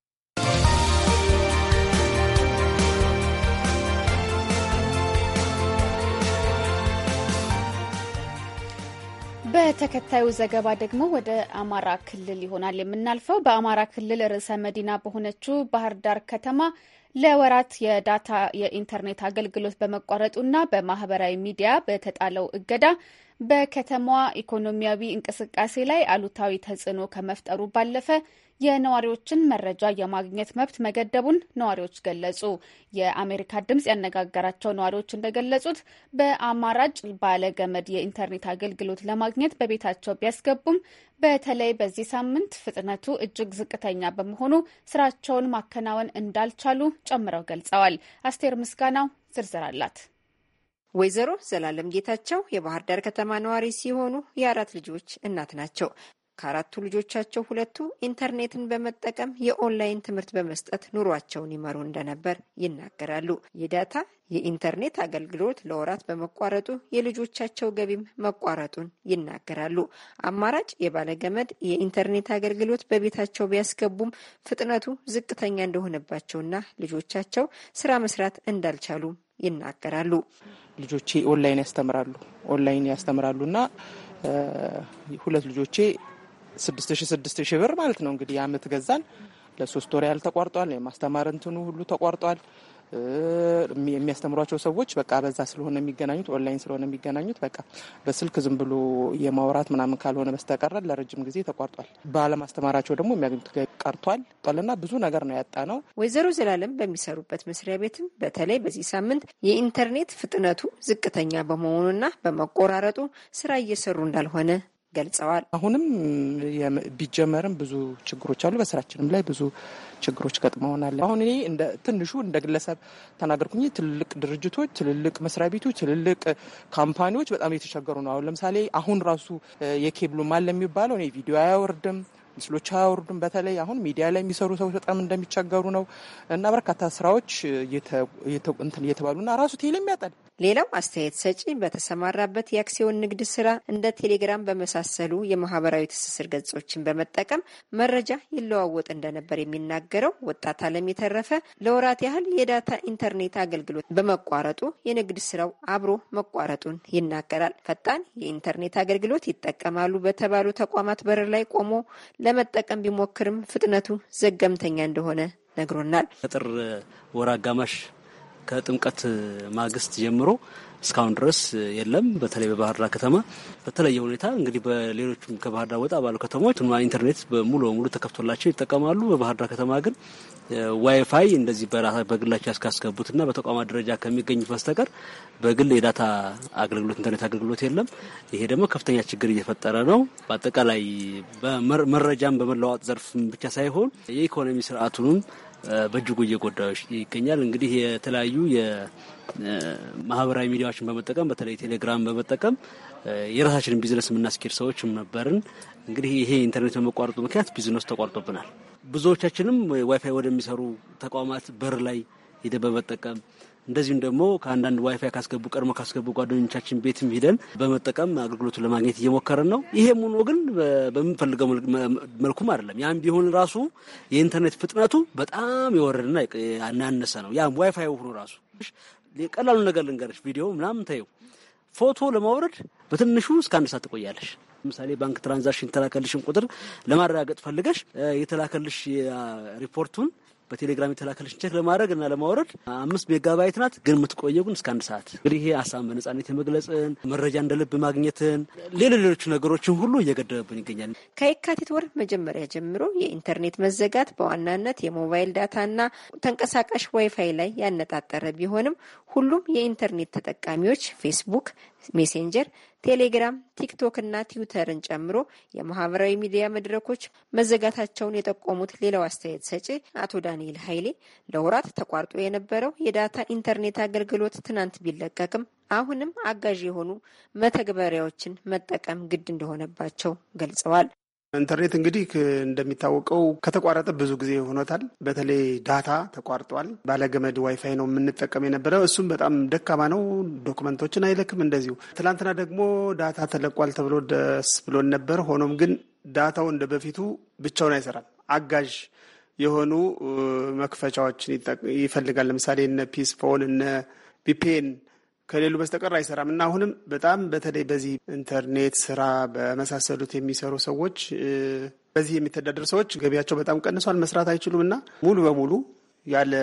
Speaker 1: በተከታዩ ዘገባ ደግሞ ወደ አማራ ክልል ይሆናል የምናልፈው። በአማራ ክልል ርዕሰ መዲና በሆነችው ባህር ዳር ከተማ ለወራት የዳታ የኢንተርኔት አገልግሎት በመቋረጡና በማህበራዊ ሚዲያ በተጣለው እገዳ በከተማዋ ኢኮኖሚያዊ እንቅስቃሴ ላይ አሉታዊ ተጽዕኖ ከመፍጠሩ ባለፈ የነዋሪዎችን መረጃ የማግኘት መብት መገደቡን ነዋሪዎች ገለጹ። የአሜሪካ ድምጽ ያነጋገራቸው ነዋሪዎች እንደገለጹት በአማራጭ ባለ ገመድ የኢንተርኔት አገልግሎት ለማግኘት በቤታቸው ቢያስገቡም በተለይ በዚህ ሳምንት ፍጥነቱ እጅግ ዝቅተኛ በመሆኑ ስራቸውን ማከናወን
Speaker 12: እንዳልቻሉ ጨምረው ገልጸዋል። አስቴር ምስጋናው ዝርዝር አላት። ወይዘሮ ዘላለም ጌታቸው የባህር ዳር ከተማ ነዋሪ ሲሆኑ የአራት ልጆች እናት ናቸው። ከአራቱ ልጆቻቸው ሁለቱ ኢንተርኔትን በመጠቀም የኦንላይን ትምህርት በመስጠት ኑሯቸውን ይመሩ እንደነበር ይናገራሉ። የዳታ የኢንተርኔት አገልግሎት ለወራት በመቋረጡ የልጆቻቸው ገቢም መቋረጡን ይናገራሉ። አማራጭ የባለገመድ የኢንተርኔት አገልግሎት በቤታቸው ቢያስገቡም ፍጥነቱ ዝቅተኛ እንደሆነባቸውና ልጆቻቸው ስራ መስራት እንዳልቻሉ ይናገራሉ። ልጆቼ ኦንላይን ያስተምራሉ ኦንላይን ያስተምራሉና ሁለት ልጆቼ
Speaker 8: ስድስት ሺ ስድስት ሺ ብር ማለት ነው እንግዲህ የአመት ገዛን ለሶስት ወር ያህል ተቋርጧል። የማስተማር እንትኑ ሁሉ ተቋርጧል። የሚያስተምሯቸው ሰዎች በቃ በዛ ስለሆነ የሚገናኙት ኦንላይን ስለሆነ የሚገናኙት በቃ በስልክ ዝም ብሎ የማውራት ምናምን ካልሆነ በስተቀረ
Speaker 12: ለረጅም ጊዜ ተቋርጧል። ባለማስተማራቸው ደግሞ የሚያገኙት ቀርቷል ጠልና ብዙ ነገር ነው ያጣ ነው። ወይዘሮ ዘላለም በሚሰሩበት መስሪያ ቤትም በተለይ በዚህ ሳምንት የኢንተርኔት ፍጥነቱ ዝቅተኛ በመሆኑና በመቆራረጡ ስራ እየሰሩ እንዳልሆነ ገልጸዋል። አሁንም
Speaker 8: ቢጀመርም ብዙ ችግሮች አሉ። በስራችንም ላይ ብዙ ችግሮች ገጥመውናል። አሁን እኔ ትንሹ እንደ ግለሰብ ተናገርኩኝ። ትልልቅ ድርጅቶች፣ ትልልቅ መስሪያ ቤቶች፣ ትልልቅ ካምፓኒዎች በጣም እየተቸገሩ ነው። አሁን ለምሳሌ አሁን ራሱ የኬብሉ ማለ የሚባለው እኔ ቪዲዮ አያወርድም ምስሎች አያወርዱም። በተለይ አሁን ሚዲያ ላይ የሚሰሩ ሰዎች በጣም እንደሚቸገሩ ነው
Speaker 12: እና በርካታ ስራዎች ና ራሱ ቴሌ የሚያጠል ሌላው አስተያየት ሰጪ በተሰማራበት የአክሲዮን ንግድ ስራ እንደ ቴሌግራም በመሳሰሉ የማህበራዊ ትስስር ገጾችን በመጠቀም መረጃ ይለዋወጥ እንደነበር የሚናገረው ወጣት አለም የተረፈ ለወራት ያህል የዳታ ኢንተርኔት አገልግሎት በመቋረጡ የንግድ ስራው አብሮ መቋረጡን ይናገራል። ፈጣን የኢንተርኔት አገልግሎት ይጠቀማሉ በተባሉ ተቋማት በር ላይ ቆሞ ለመጠቀም ቢሞክርም ፍጥነቱ ዘገምተኛ እንደሆነ ነግሮናል።
Speaker 13: ከጥር ወር አጋማሽ ከጥምቀት ማግስት ጀምሮ እስካሁን ድረስ የለም። በተለይ በባህር ዳር ከተማ በተለየ ሁኔታ እንግዲህ በሌሎችም ከባህር ዳር ወጣ ባሉ ከተሞች ኢንተርኔት ሙሉ በሙሉ ተከፍቶላቸው ይጠቀማሉ። በባህር ዳር ከተማ ግን ዋይፋይ እንደዚህ በግላቸው እስካስገቡትና በተቋማት ደረጃ ከሚገኙ በስተቀር በግል የዳታ አገልግሎት ኢንተርኔት አገልግሎት የለም። ይሄ ደግሞ ከፍተኛ ችግር እየፈጠረ ነው። በአጠቃላይ መረጃም በመለዋወጥ ዘርፍ ብቻ ሳይሆን የኢኮኖሚ ስርዓቱንም በእጅጉ እየጎዳዎች ይገኛል። እንግዲህ የተለያዩ የማህበራዊ ሚዲያዎችን በመጠቀም በተለይ ቴሌግራም በመጠቀም የራሳችንን ቢዝነስ የምናስኬድ ሰዎችም ነበርን። እንግዲህ ይሄ ኢንተርኔት በመቋረጡ ምክንያት ቢዝነሱ ተቋርጦብናል። ብዙዎቻችንም ዋይፋይ ወደሚሰሩ ተቋማት በር ላይ ሂደ በመጠቀም እንደዚሁም ደግሞ ከአንዳንድ ዋይፋይ ካስገቡ ቀድሞ ካስገቡ ጓደኞቻችን ቤትም ሂደን በመጠቀም አገልግሎቱን ለማግኘት እየሞከርን ነው። ይሄ ሆኖ ግን በምንፈልገው መልኩም አይደለም። ያም ቢሆን ራሱ የኢንተርኔት ፍጥነቱ በጣም የወረደና ያናነሰ ነው። ያም ዋይፋይ ሆኖ ራሱ ቀላሉ ነገር ልንገርሽ፣ ቪዲዮ ምናምን ተይው፣ ፎቶ ለማውረድ በትንሹ እስከ አንድ ሰዓት ትቆያለሽ። ለምሳሌ ባንክ ትራንዛክሽን የተላከልሽን ቁጥር ለማረጋገጥ ፈልገሽ የተላከልሽ ሪፖርቱን በቴሌግራም የተላከለችን ቼክ ለማድረግ እና ለማውረድ አምስት ሜጋባይት ናት። ግን የምትቆየው ግን እስከ አንድ ሰዓት። እንግዲህ ይሄ ሀሳብ በነጻነት የመግለጽን መረጃ እንደ ልብ ማግኘትን፣ ሌሎች ነገሮችን ሁሉ እየገደበብን ይገኛል።
Speaker 12: ከየካቲት ወር መጀመሪያ ጀምሮ የኢንተርኔት መዘጋት በዋናነት የሞባይል ዳታና ተንቀሳቃሽ ዋይፋይ ላይ ያነጣጠረ ቢሆንም ሁሉም የኢንተርኔት ተጠቃሚዎች ፌስቡክ፣ ሜሴንጀር ቴሌግራም፣ ቲክቶክ እና ትዊተርን ጨምሮ የማህበራዊ ሚዲያ መድረኮች መዘጋታቸውን የጠቆሙት ሌላው አስተያየት ሰጪ አቶ ዳንኤል ኃይሌ ለወራት ተቋርጦ የነበረው የዳታ ኢንተርኔት አገልግሎት ትናንት ቢለቀቅም አሁንም አጋዥ የሆኑ መተግበሪያዎችን መጠቀም ግድ እንደሆነባቸው ገልጸዋል።
Speaker 3: ኢንተርኔት እንግዲህ እንደሚታወቀው ከተቋረጠ ብዙ ጊዜ ሆኖታል። በተለይ ዳታ ተቋርጧል። ባለገመድ ዋይፋይ ነው የምንጠቀም የነበረው። እሱም በጣም ደካማ ነው፣ ዶክመንቶችን አይለክም። እንደዚሁ ትላንትና ደግሞ ዳታ ተለቋል ተብሎ ደስ ብሎን ነበር። ሆኖም ግን ዳታው እንደ በፊቱ ብቻውን አይሰራም። አጋዥ የሆኑ መክፈቻዎችን ይፈልጋል። ለምሳሌ እነ ፒስፎን እነ ቪፒኤን ከሌሉ በስተቀር አይሰራም እና አሁንም በጣም በተለይ በዚህ ኢንተርኔት ስራ በመሳሰሉት የሚሰሩ ሰዎች በዚህ የሚተዳደሩ ሰዎች ገቢያቸው በጣም ቀንሷል። መስራት አይችሉም እና ሙሉ በሙሉ ያለ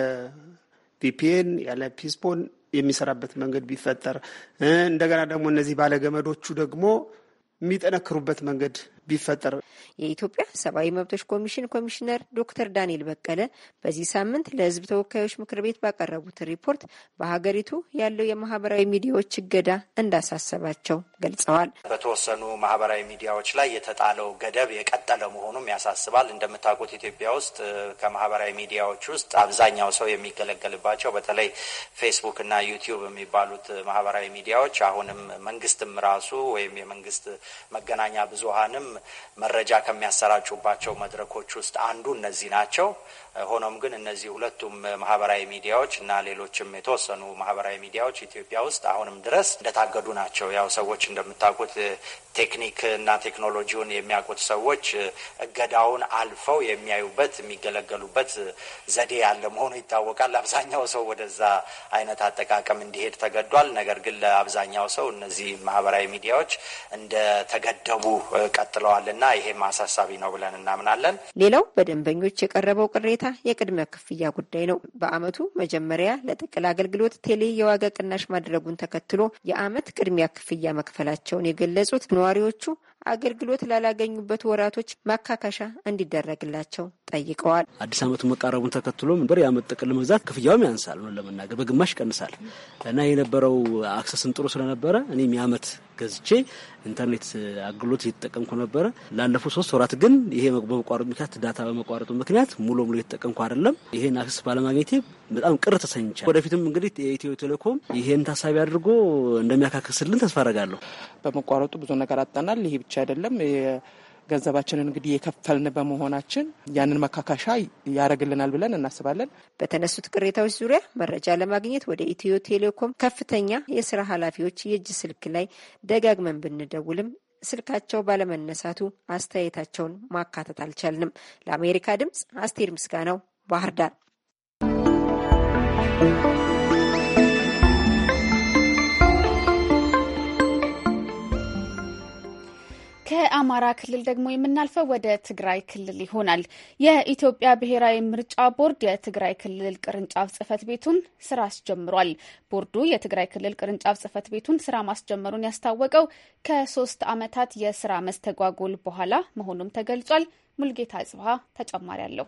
Speaker 3: ቪፒኤን ያለ ፒስፖን የሚሰራበት መንገድ ቢፈጠር
Speaker 12: እንደገና ደግሞ እነዚህ ባለገመዶቹ ደግሞ የሚጠነክሩበት መንገድ ቢፈጠር የኢትዮጵያ ሰብአዊ መብቶች ኮሚሽን ኮሚሽነር ዶክተር ዳንኤል በቀለ በዚህ ሳምንት ለህዝብ ተወካዮች ምክር ቤት ባቀረቡት ሪፖርት በሀገሪቱ ያለው የማህበራዊ ሚዲያዎች እገዳ እንዳሳሰባቸው ገልጸዋል።
Speaker 3: በተወሰኑ ማህበራዊ ሚዲያዎች ላይ የተጣለው ገደብ የቀጠለ መሆኑም ያሳስባል። እንደምታውቁት ኢትዮጵያ ውስጥ ከማህበራዊ ሚዲያዎች ውስጥ አብዛኛው ሰው የሚገለገልባቸው በተለይ ፌስቡክ እና ዩቲዩብ የሚባሉት ማህበራዊ ሚዲያዎች አሁንም መንግስትም ራሱ ወይም የመንግስት መገናኛ ብዙሀንም መረጃ ከሚያሰራጩባቸው መድረኮች ውስጥ አንዱ እነዚህ ናቸው። ሆኖም ግን እነዚህ ሁለቱም ማህበራዊ ሚዲያዎች እና ሌሎችም የተወሰኑ ማህበራዊ ሚዲያዎች ኢትዮጵያ ውስጥ አሁንም ድረስ እንደታገዱ ናቸው። ያው ሰዎች እንደምታውቁት ቴክኒክ እና ቴክኖሎጂውን የሚያውቁት ሰዎች እገዳውን አልፈው የሚያዩበት የሚገለገሉበት ዘዴ ያለ መሆኑ ይታወቃል። አብዛኛው ሰው ወደዛ አይነት አጠቃቀም እንዲሄድ ተገዷል። ነገር ግን ለአብዛኛው ሰው እነዚህ ማህበራዊ ሚዲያዎች እንደተገደቡ ቀጥለው ብለዋልና ይሄ አሳሳቢ ነው ብለን እናምናለን።
Speaker 12: ሌላው በደንበኞች የቀረበው ቅሬታ የቅድመ ክፍያ ጉዳይ ነው። በዓመቱ መጀመሪያ ለጥቅል አገልግሎት ቴሌ የዋጋ ቅናሽ ማድረጉን ተከትሎ የአመት ቅድሚያ ክፍያ መክፈላቸውን የገለጹት ነዋሪዎቹ አገልግሎት ላላገኙበት ወራቶች ማካካሻ እንዲደረግላቸው ጠይቀዋል።
Speaker 13: አዲስ አመቱ መቃረቡን ተከትሎ ብር የአመት ጥቅል መግዛት ክፍያውም ያንሳል፣ ለመናገር በግማሽ ቀንሳል እና የነበረው አክሰስን ጥሩ ስለነበረ እኔም የአመት ገዝቼ ኢንተርኔት አገልግሎት እየተጠቀምኩ ነበረ። ላለፉት ሶስት ወራት ግን ይሄ በመቋረጡ ምክንያት ዳታ በመቋረጡ ምክንያት ሙሉ ሙሉ እየተጠቀምኩ አይደለም። ይሄን አክሰስ ባለማግኘቴ በጣም ቅር ተሰኝቻ። ወደፊትም እንግዲህ የኢትዮ ቴሌኮም ይሄን ታሳቢ አድርጎ እንደሚያካክስልን ተስፋ አረጋለሁ።
Speaker 8: በመቋረጡ ብዙ ነገር አጣናል። ይሄ ብቻ አይደለም ገንዘባችንን
Speaker 12: እንግዲህ የከፈልን በመሆናችን ያንን መካካሻ ያደርግልናል ብለን እናስባለን። በተነሱት ቅሬታዎች ዙሪያ መረጃ ለማግኘት ወደ ኢትዮ ቴሌኮም ከፍተኛ የስራ ኃላፊዎች የእጅ ስልክ ላይ ደጋግመን ብንደውልም ስልካቸው ባለመነሳቱ አስተያየታቸውን ማካተት አልቻልንም። ለአሜሪካ ድምፅ አስቴር ምስጋናው ባህር ዳር
Speaker 1: ከአማራ ክልል ደግሞ የምናልፈው ወደ ትግራይ ክልል ይሆናል። የኢትዮጵያ ብሔራዊ ምርጫ ቦርድ የትግራይ ክልል ቅርንጫፍ ጽህፈት ቤቱን ስራ አስጀምሯል። ቦርዱ የትግራይ ክልል ቅርንጫፍ ጽህፈት ቤቱን ስራ ማስጀመሩን ያስታወቀው ከሶስት ዓመታት የስራ መስተጓጎል በኋላ መሆኑም ተገልጿል። ሙልጌታ ጽብሃ ተጨማሪ አለው።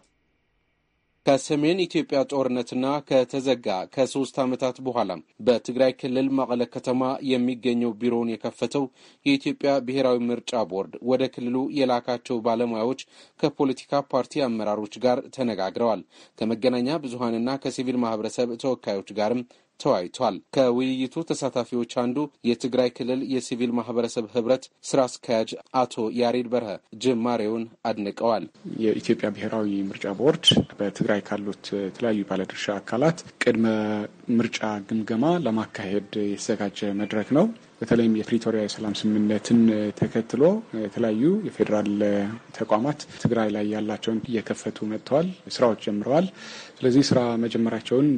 Speaker 7: ከሰሜን ኢትዮጵያ ጦርነትና ከተዘጋ ከሶስት ዓመታት በኋላ በትግራይ ክልል መቀለ ከተማ የሚገኘው ቢሮውን የከፈተው የኢትዮጵያ ብሔራዊ ምርጫ ቦርድ ወደ ክልሉ የላካቸው ባለሙያዎች ከፖለቲካ ፓርቲ አመራሮች ጋር ተነጋግረዋል። ከመገናኛ ብዙሃንና ከሲቪል ማህበረሰብ ተወካዮች ጋርም ተወያይቷል። ከውይይቱ ተሳታፊዎች አንዱ የትግራይ ክልል የሲቪል ማህበረሰብ ህብረት ስራ አስኪያጅ አቶ ያሬድ በርሀ ጅማሬውን አድንቀዋል።
Speaker 14: የኢትዮጵያ ብሔራዊ ምርጫ ቦርድ በትግራይ ካሉት የተለያዩ ባለድርሻ አካላት ቅድመ ምርጫ ግምገማ ለማካሄድ የተዘጋጀ መድረክ ነው። በተለይም የፕሪቶሪያ የሰላም ስምምነትን ተከትሎ የተለያዩ የፌዴራል ተቋማት ትግራይ ላይ ያላቸውን እየከፈቱ መጥተዋል፣ ስራዎች ጀምረዋል። ስለዚህ ስራ መጀመራቸውን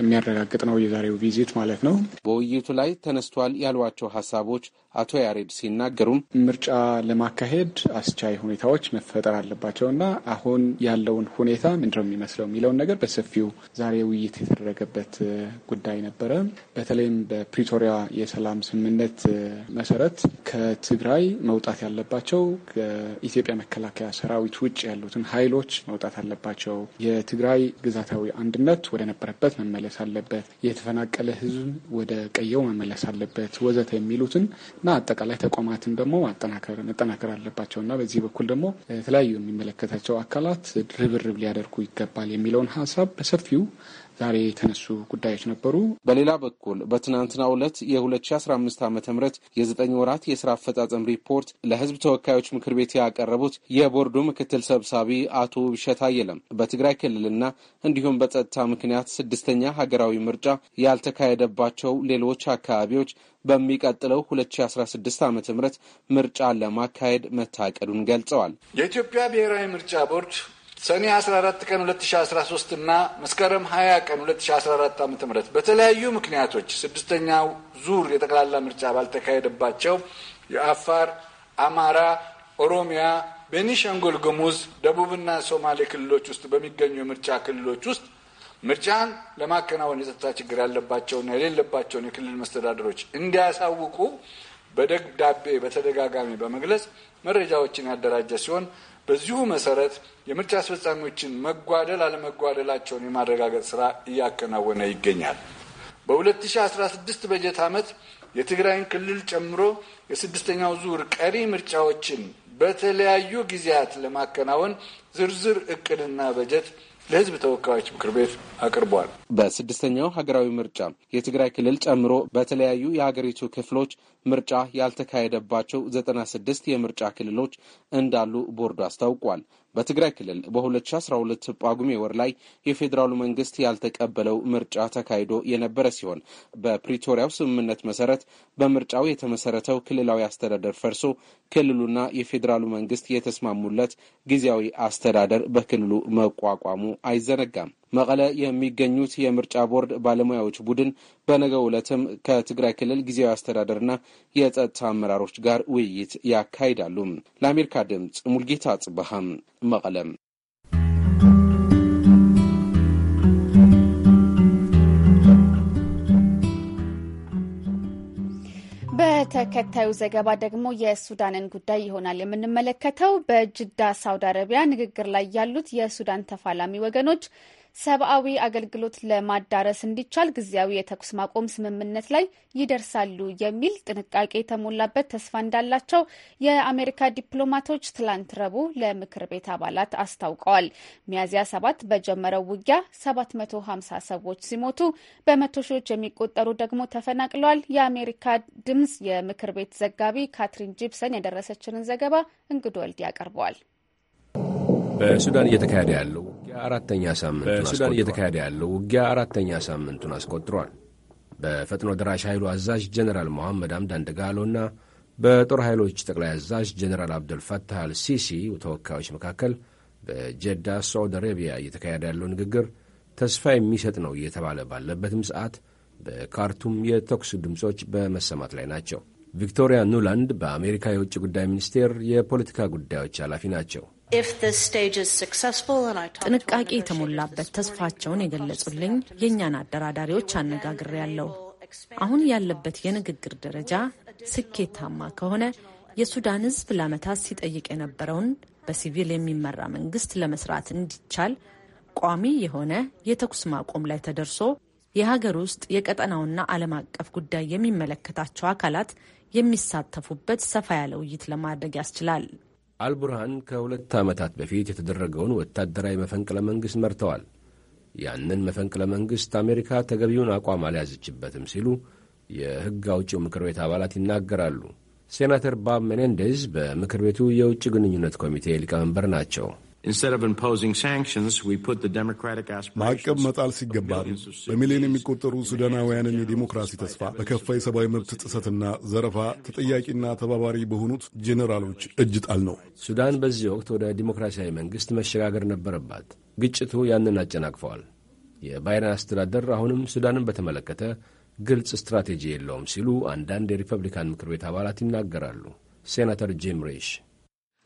Speaker 14: የሚያረጋግጥ ነው የዛሬው ቪዚት ማለት ነው።
Speaker 7: በውይይቱ ላይ ተነስቷል ያሏቸው ሀሳቦች አቶ ያሬድ ሲናገሩም ምርጫ ለማካሄድ አስቻይ
Speaker 14: ሁኔታዎች መፈጠር አለባቸውና አሁን ያለውን ሁኔታ ምንድነው የሚመስለው የሚለውን ነገር በሰፊው ዛሬ ውይይት የተደረገበት ጉዳይ ነበረ። በተለይም በፕሪቶሪያ የሰላም ስምምነት መሰረት ከትግራይ መውጣት ያለባቸው ከኢትዮጵያ መከላከያ ሰራዊት ውጭ ያሉትን ኃይሎች መውጣት አለባቸው። የትግራይ ግዛታዊ አንድነት ወደ ነበረበት መመለስ አለበት፣ የተፈናቀለ ሕዝብ ወደ ቀየው መመለስ አለበት ወዘተ የሚሉትን እና አጠቃላይ ተቋማትን ደግሞ መጠናከር አለባቸው እና በዚህ በኩል ደግሞ የተለያዩ የሚመለከታቸው አካላት ርብርብ ሊያደርጉ ይገባል የሚለውን ሀሳብ በሰፊው ዛሬ የተነሱ ጉዳዮች ነበሩ።
Speaker 7: በሌላ በኩል በትናንትናው ዕለት የ2015 ዓ ም የዘጠኝ ወራት የስራ አፈጻጸም ሪፖርት ለህዝብ ተወካዮች ምክር ቤት ያቀረቡት የቦርዱ ምክትል ሰብሳቢ አቶ ብሸት አየለም በትግራይ ክልልና እንዲሁም በጸጥታ ምክንያት ስድስተኛ ሀገራዊ ምርጫ ያልተካሄደባቸው ሌሎች አካባቢዎች በሚቀጥለው 2016 ዓ ም ምርጫ ለማካሄድ መታቀዱን ገልጸዋል።
Speaker 14: የኢትዮጵያ ብሔራዊ ምርጫ ቦርድ ሰኔ 14 ቀን 2013 እና መስከረም 20 ቀን 2014 ዓ ም በተለያዩ ምክንያቶች ስድስተኛው ዙር የጠቅላላ ምርጫ ባልተካሄደባቸው የአፋር፣ አማራ፣ ኦሮሚያ፣ ቤኒሻንጉል ጉሙዝ፣ ደቡብና ሶማሌ ክልሎች ውስጥ በሚገኙ የምርጫ ክልሎች ውስጥ ምርጫን ለማከናወን የጸጥታ ችግር ያለባቸውና የሌለባቸውን የክልል መስተዳደሮች እንዲያሳውቁ በደብዳቤ በተደጋጋሚ በመግለጽ መረጃዎችን ያደራጀ ሲሆን በዚሁ መሰረት የምርጫ አስፈጻሚዎችን መጓደል አለመጓደላቸውን የማረጋገጥ ስራ እያከናወነ ይገኛል። በ2016 በጀት ዓመት የትግራይን ክልል ጨምሮ የስድስተኛው ዙር ቀሪ ምርጫዎችን በተለያዩ ጊዜያት ለማከናወን ዝርዝር እቅድና በጀት ለህዝብ ተወካዮች ምክር ቤት
Speaker 7: አቅርቧል። በስድስተኛው ሀገራዊ ምርጫ የትግራይ ክልል ጨምሮ በተለያዩ የሀገሪቱ ክፍሎች ምርጫ ያልተካሄደባቸው ዘጠና ስድስት የምርጫ ክልሎች እንዳሉ ቦርዱ አስታውቋል። በትግራይ ክልል በ2012 ጳጉሜ ወር ላይ የፌዴራሉ መንግስት ያልተቀበለው ምርጫ ተካሂዶ የነበረ ሲሆን በፕሪቶሪያው ስምምነት መሰረት በምርጫው የተመሰረተው ክልላዊ አስተዳደር ፈርሶ ክልሉና የፌዴራሉ መንግስት የተስማሙለት ጊዜያዊ አስተዳደር በክልሉ መቋቋሙ አይዘነጋም። መቀለ የሚገኙት የምርጫ ቦርድ ባለሙያዎች ቡድን በነገው ዕለትም ከትግራይ ክልል ጊዜያዊ አስተዳደርና የጸጥታ አመራሮች ጋር ውይይት ያካሂዳሉ። ለአሜሪካ ድምፅ ሙልጌታ ጽበሃም መቀለም።
Speaker 1: በተከታዩ ዘገባ ደግሞ የሱዳንን ጉዳይ ይሆናል የምንመለከተው። በጅዳ ሳውዲ አረቢያ ንግግር ላይ ያሉት የሱዳን ተፋላሚ ወገኖች ሰብአዊ አገልግሎት ለማዳረስ እንዲቻል ጊዜያዊ የተኩስ ማቆም ስምምነት ላይ ይደርሳሉ የሚል ጥንቃቄ የተሞላበት ተስፋ እንዳላቸው የአሜሪካ ዲፕሎማቶች ትላንት ረቡዕ ለምክር ቤት አባላት አስታውቀዋል። ሚያዝያ ሰባት በጀመረው ውጊያ 750 ሰዎች ሲሞቱ በመቶ ሺዎች የሚቆጠሩ ደግሞ ተፈናቅለዋል። የአሜሪካ ድምጽ የምክር ቤት ዘጋቢ ካትሪን ጂፕሰን የደረሰችንን ዘገባ እንግዶ ወልድ ያቀርበዋል።
Speaker 15: በሱዳን እየተካሄደ ያለው አራተኛ ሳምንቱን በሱዳን እየተካሄደ ያለው ውጊያ አራተኛ ሳምንቱን አስቆጥሯል። በፈጥኖ ደራሽ ኃይሉ አዛዥ ጀኔራል ሞሐመድ አምዳን ደጋሎና በጦር ኃይሎች ጠቅላይ አዛዥ ጀኔራል አብዱልፈታህ አልሲሲ ተወካዮች መካከል በጀዳ ሳዑዲ አረቢያ እየተካሄደ ያለው ንግግር ተስፋ የሚሰጥ ነው እየተባለ ባለበትም ሰዓት በካርቱም የተኩስ ድምፆች በመሰማት ላይ ናቸው። ቪክቶሪያ ኑላንድ በአሜሪካ የውጭ ጉዳይ ሚኒስቴር የፖለቲካ ጉዳዮች ኃላፊ ናቸው።
Speaker 6: ጥንቃቄ የተሞላበት ተስፋቸውን የገለጹልኝ የእኛን አደራዳሪዎች ያለው አሁን ያለበት የንግግር ደረጃ ስኬታማ ከሆነ የሱዳን ሕዝብ ለዓመታት ሲጠይቅ የነበረውን በሲቪል የሚመራ መንግስት ለመስራት እንዲቻል ቋሚ የሆነ የተኩስ ማቆም ላይ ተደርሶ የሀገር ውስጥ የቀጠናውና ዓለም አቀፍ ጉዳይ የሚመለከታቸው አካላት የሚሳተፉበት ሰፋ ያለ ውይይት ለማድረግ ያስችላል።
Speaker 15: አልቡርሃን ከሁለት ዓመታት በፊት የተደረገውን ወታደራዊ መፈንቅለ መንግሥት መርተዋል። ያንን መፈንቅለ መንግሥት አሜሪካ ተገቢውን አቋም አልያዘችበትም ሲሉ የሕግ አውጪው ምክር ቤት አባላት ይናገራሉ። ሴናተር ባብ ሜኔንዴዝ በምክር ቤቱ የውጭ ግንኙነት ኮሚቴ ሊቀመንበር ናቸው።
Speaker 9: ማዕቀብ መጣል ሲገባን በሚሊዮን የሚቆጠሩ ሱዳናውያንን የዲሞክራሲ ተስፋ በከፋ የሰብአዊ መብት ጥሰትና ዘረፋ ተጠያቂና ተባባሪ በሆኑት ጄኔራሎች እጅ ጣል ነው። ሱዳን በዚህ
Speaker 15: ወቅት ወደ ዲሞክራሲያዊ መንግስት መሸጋገር ነበረባት። ግጭቱ ያንን አጨናቅፈዋል። የባይደን አስተዳደር አሁንም ሱዳንን በተመለከተ ግልጽ ስትራቴጂ የለውም ሲሉ አንዳንድ የሪፐብሊካን ምክር ቤት አባላት ይናገራሉ። ሴናተር ጂም ሬሽ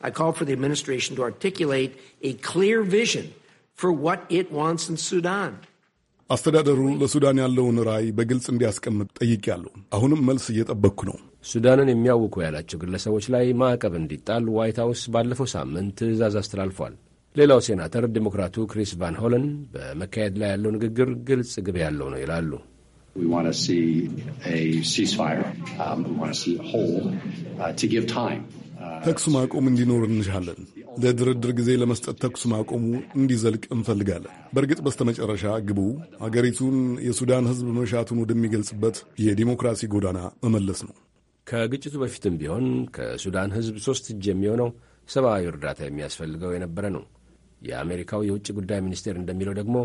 Speaker 15: I call for the administration
Speaker 16: to articulate a clear vision for what it wants in Sudan.
Speaker 9: አስተዳደሩ ለሱዳን ያለውን ራዕይ በግልጽ እንዲያስቀምጥ ጠይቄያለሁ። አሁንም መልስ እየጠበቅኩ
Speaker 15: ነው። ሱዳንን የሚያውኩ ያላቸው ግለሰቦች ላይ ማዕቀብ እንዲጣል ዋይት ሀውስ ባለፈው ሳምንት ትዕዛዝ አስተላልፏል። ሌላው ሴናተር ዴሞክራቱ ክሪስ ቫን ሆለን በመካሄድ ላይ ያለው ንግግር ግልጽ ግብ ያለው ነው ይላሉ።
Speaker 9: ተኩስ ማቆም እንዲኖር እንሻለን። ለድርድር ጊዜ ለመስጠት ተኩስ ማቆሙ እንዲዘልቅ እንፈልጋለን። በእርግጥ በስተመጨረሻ ግቡ አገሪቱን የሱዳን ሕዝብ መሻቱን ወደሚገልጽበት የዲሞክራሲ ጎዳና መመለስ ነው።
Speaker 15: ከግጭቱ በፊትም ቢሆን ከሱዳን ሕዝብ ሶስት እጅ የሚሆነው ሰብአዊ እርዳታ የሚያስፈልገው የነበረ ነው። የአሜሪካው የውጭ ጉዳይ ሚኒስቴር እንደሚለው ደግሞ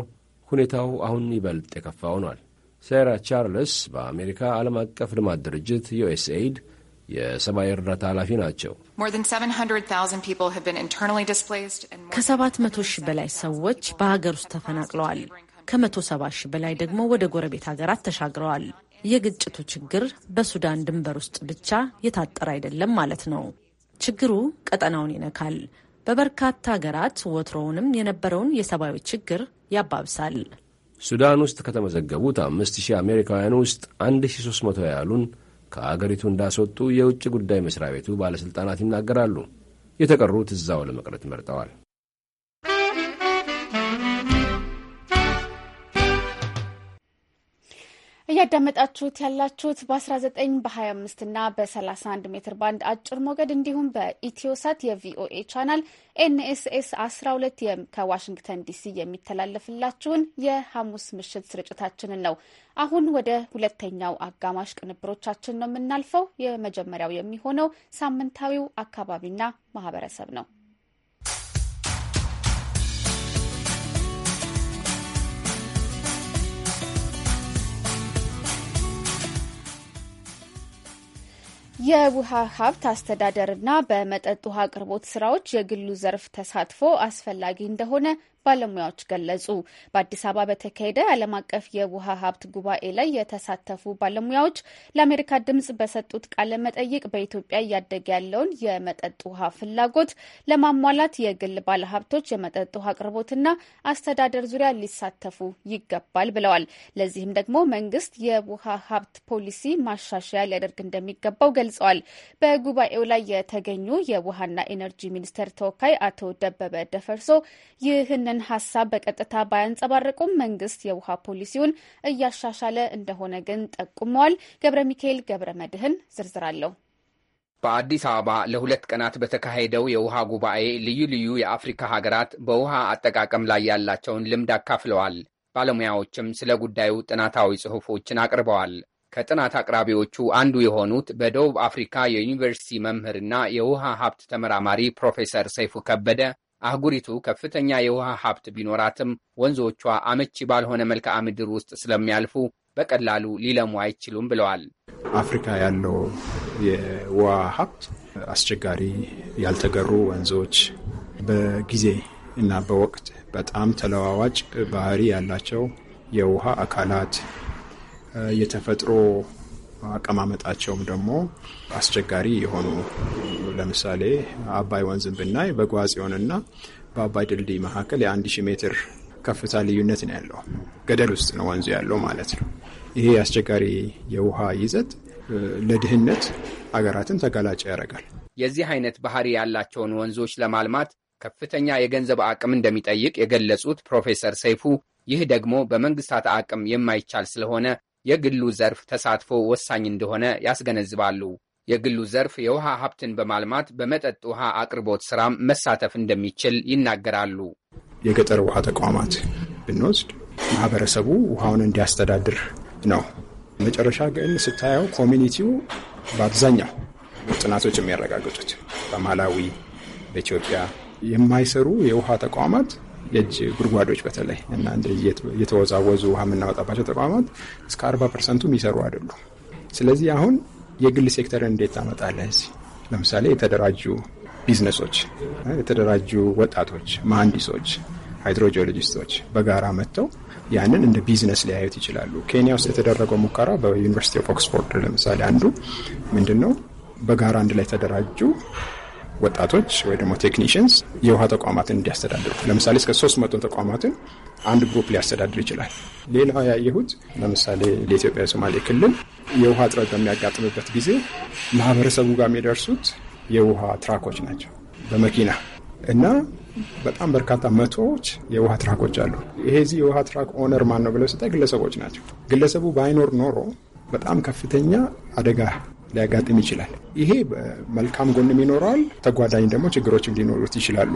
Speaker 15: ሁኔታው አሁን ይበልጥ የከፋ ሆኗል። ሴራ ቻርልስ በአሜሪካ ዓለም አቀፍ ልማት ድርጅት ዩኤስኤይድ የሰብአዊ እርዳታ ኃላፊ ናቸው።
Speaker 6: ከሰባት መቶ ሺህ በላይ ሰዎች በሀገር ውስጥ ተፈናቅለዋል። ከመቶ ሰባ ሺህ በላይ ደግሞ ወደ ጎረቤት ሀገራት ተሻግረዋል። የግጭቱ ችግር በሱዳን ድንበር ውስጥ ብቻ የታጠረ አይደለም ማለት ነው። ችግሩ ቀጠናውን ይነካል። በበርካታ ሀገራት ወትሮውንም የነበረውን የሰብአዊ ችግር ያባብሳል።
Speaker 15: ሱዳን ውስጥ ከተመዘገቡት አምስት ሺህ አሜሪካውያን ውስጥ አንድ ሺህ መቶ ያሉን ከአገሪቱ እንዳስወጡ የውጭ ጉዳይ መስሪያ ቤቱ ባለሥልጣናት ይናገራሉ። የተቀሩት እዛው ለመቅረት መርጠዋል።
Speaker 1: እያዳመጣችሁት ያላችሁት በ19 በ25 እና በ31 ሜትር ባንድ አጭር ሞገድ እንዲሁም በኢትዮሳት የቪኦኤ ቻናል ኤንኤስኤስ 12 ከዋሽንግተን ዲሲ የሚተላለፍላችሁን የሐሙስ ምሽት ስርጭታችንን ነው። አሁን ወደ ሁለተኛው አጋማሽ ቅንብሮቻችን ነው የምናልፈው። የመጀመሪያው የሚሆነው ሳምንታዊው አካባቢና ማህበረሰብ ነው። የውሃ ሀብት አስተዳደርና በመጠጥ ውሃ አቅርቦት ስራዎች የግሉ ዘርፍ ተሳትፎ አስፈላጊ እንደሆነ ባለሙያዎች ገለጹ። በአዲስ አበባ በተካሄደ ዓለም አቀፍ የውሃ ሀብት ጉባኤ ላይ የተሳተፉ ባለሙያዎች ለአሜሪካ ድምጽ በሰጡት ቃለ መጠይቅ በኢትዮጵያ እያደገ ያለውን የመጠጥ ውሃ ፍላጎት ለማሟላት የግል ባለሀብቶች የመጠጥ ውሃ አቅርቦትና አስተዳደር ዙሪያ ሊሳተፉ ይገባል ብለዋል። ለዚህም ደግሞ መንግስት የውሃ ሀብት ፖሊሲ ማሻሻያ ሊያደርግ እንደሚገባው ገልጸዋል። በጉባኤው ላይ የተገኙ የውሃና ኢነርጂ ሚኒስቴር ተወካይ አቶ ደበበ ደፈርሶ ይህን ይህንን ሀሳብ በቀጥታ ባያንጸባረቁም መንግስት የውሃ ፖሊሲውን እያሻሻለ እንደሆነ ግን ጠቁመዋል። ገብረ ሚካኤል ገብረ መድህን ዝርዝራለሁ።
Speaker 5: በአዲስ አበባ ለሁለት ቀናት በተካሄደው የውሃ ጉባኤ ልዩ ልዩ የአፍሪካ ሀገራት በውሃ አጠቃቀም ላይ ያላቸውን ልምድ አካፍለዋል። ባለሙያዎችም ስለ ጉዳዩ ጥናታዊ ጽሑፎችን አቅርበዋል። ከጥናት አቅራቢዎቹ አንዱ የሆኑት በደቡብ አፍሪካ የዩኒቨርሲቲ መምህርና የውሃ ሀብት ተመራማሪ ፕሮፌሰር ሰይፉ ከበደ አህጉሪቱ ከፍተኛ የውሃ ሀብት ቢኖራትም ወንዞቿ አመቺ ባልሆነ መልክዓ ምድር ውስጥ ስለሚያልፉ በቀላሉ ሊለሙ አይችሉም ብለዋል።
Speaker 17: አፍሪካ ያለው የውሃ ሀብት አስቸጋሪ ያልተገሩ ወንዞች፣ በጊዜ እና በወቅት በጣም ተለዋዋጭ ባህሪ ያላቸው የውሃ አካላት፣ የተፈጥሮ አቀማመጣቸውም ደግሞ አስቸጋሪ የሆኑ ለምሳሌ አባይ ወንዝን ብናይ በጓዝ ዮንና በአባይ ድልድይ መካከል የአንድ ሺህ ሜትር ከፍታ ልዩነት ነው ያለው። ገደል ውስጥ ነው ወንዙ ያለው ማለት ነው። ይሄ አስቸጋሪ የውሃ ይዘት ለድህነት አገራትን ተጋላጭ ያደርጋል።
Speaker 5: የዚህ አይነት ባህሪ ያላቸውን ወንዞች ለማልማት ከፍተኛ የገንዘብ አቅም እንደሚጠይቅ የገለጹት ፕሮፌሰር ሰይፉ ይህ ደግሞ በመንግስታት አቅም የማይቻል ስለሆነ የግሉ ዘርፍ ተሳትፎ ወሳኝ እንደሆነ ያስገነዝባሉ። የግሉ ዘርፍ የውሃ ሀብትን በማልማት በመጠጥ ውሃ አቅርቦት ስራም መሳተፍ እንደሚችል ይናገራሉ።
Speaker 17: የገጠር ውሃ ተቋማት ብንወስድ ማህበረሰቡ ውሃውን እንዲያስተዳድር ነው። መጨረሻ ግን ስታየው ኮሚኒቲው በአብዛኛው ጥናቶች የሚያረጋግጡት በማላዊ፣ በኢትዮጵያ የማይሰሩ የውሃ ተቋማት የእጅ ጉድጓዶች በተለይ እና እየተወዛወዙ ውሃ የምናወጣባቸው ተቋማት እስከ አርባ ፐርሰንቱ የሚሰሩ አይደሉም። ስለዚህ አሁን የግል ሴክተርን እንዴት ታመጣለህ? እዚህ ለምሳሌ የተደራጁ ቢዝነሶች፣ የተደራጁ ወጣቶች፣ መሐንዲሶች፣ ሃይድሮጂኦሎጂስቶች በጋራ መጥተው ያንን እንደ ቢዝነስ ሊያዩት ይችላሉ። ኬንያ ውስጥ የተደረገው ሙከራ በዩኒቨርሲቲ ኦፍ ኦክስፎርድ ለምሳሌ አንዱ ምንድን ነው በጋራ አንድ ላይ ተደራጁ ወጣቶች ወይ ደግሞ ቴክኒሽንስ የውሃ ተቋማትን እንዲያስተዳድሩ ለምሳሌ እስከ ሶስት መቶ ተቋማትን አንድ ግሩፕ ሊያስተዳድር ይችላል። ሌላ ያየሁት ለምሳሌ ለኢትዮጵያ የሶማሌ ክልል የውሃ እጥረት በሚያጋጥምበት ጊዜ ማህበረሰቡ ጋር የሚደርሱት የውሃ ትራኮች ናቸው በመኪና እና በጣም በርካታ መቶዎች የውሃ ትራኮች አሉ። ይሄ የውሃ ትራክ ኦነር ማን ነው ብለው ስታይ ግለሰቦች ናቸው። ግለሰቡ ባይኖር ኖሮ በጣም ከፍተኛ አደጋ ሊያጋጥም ይችላል። ይሄ መልካም ጎንም ይኖረዋል፣ ተጓዳኝ ደግሞ ችግሮችም ሊኖሩት ይችላሉ።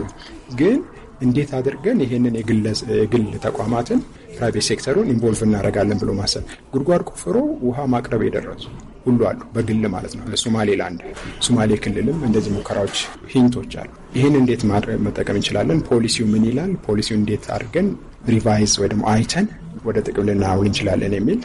Speaker 17: ግን እንዴት አድርገን ይህንን የግል ተቋማትን ፕራይቬት ሴክተሩን ኢንቮልቭ እናደርጋለን ብሎ ማሰብ ጉድጓድ ቆፍሮ ውሃ ማቅረብ የደረሱ ሁሉ አሉ፣ በግል ማለት ነው። ላንድ ሶማሌ ክልልም እንደዚህ ሙከራዎች ሂንቶች አሉ። ይህን እንዴት መጠቀም እንችላለን? ፖሊሲው ምን ይላል? ፖሊሲው እንዴት አድርገን ሪቫይዝ ወይ ደግሞ አይተን ወደ ጥቅም ልናውል እንችላለን የሚል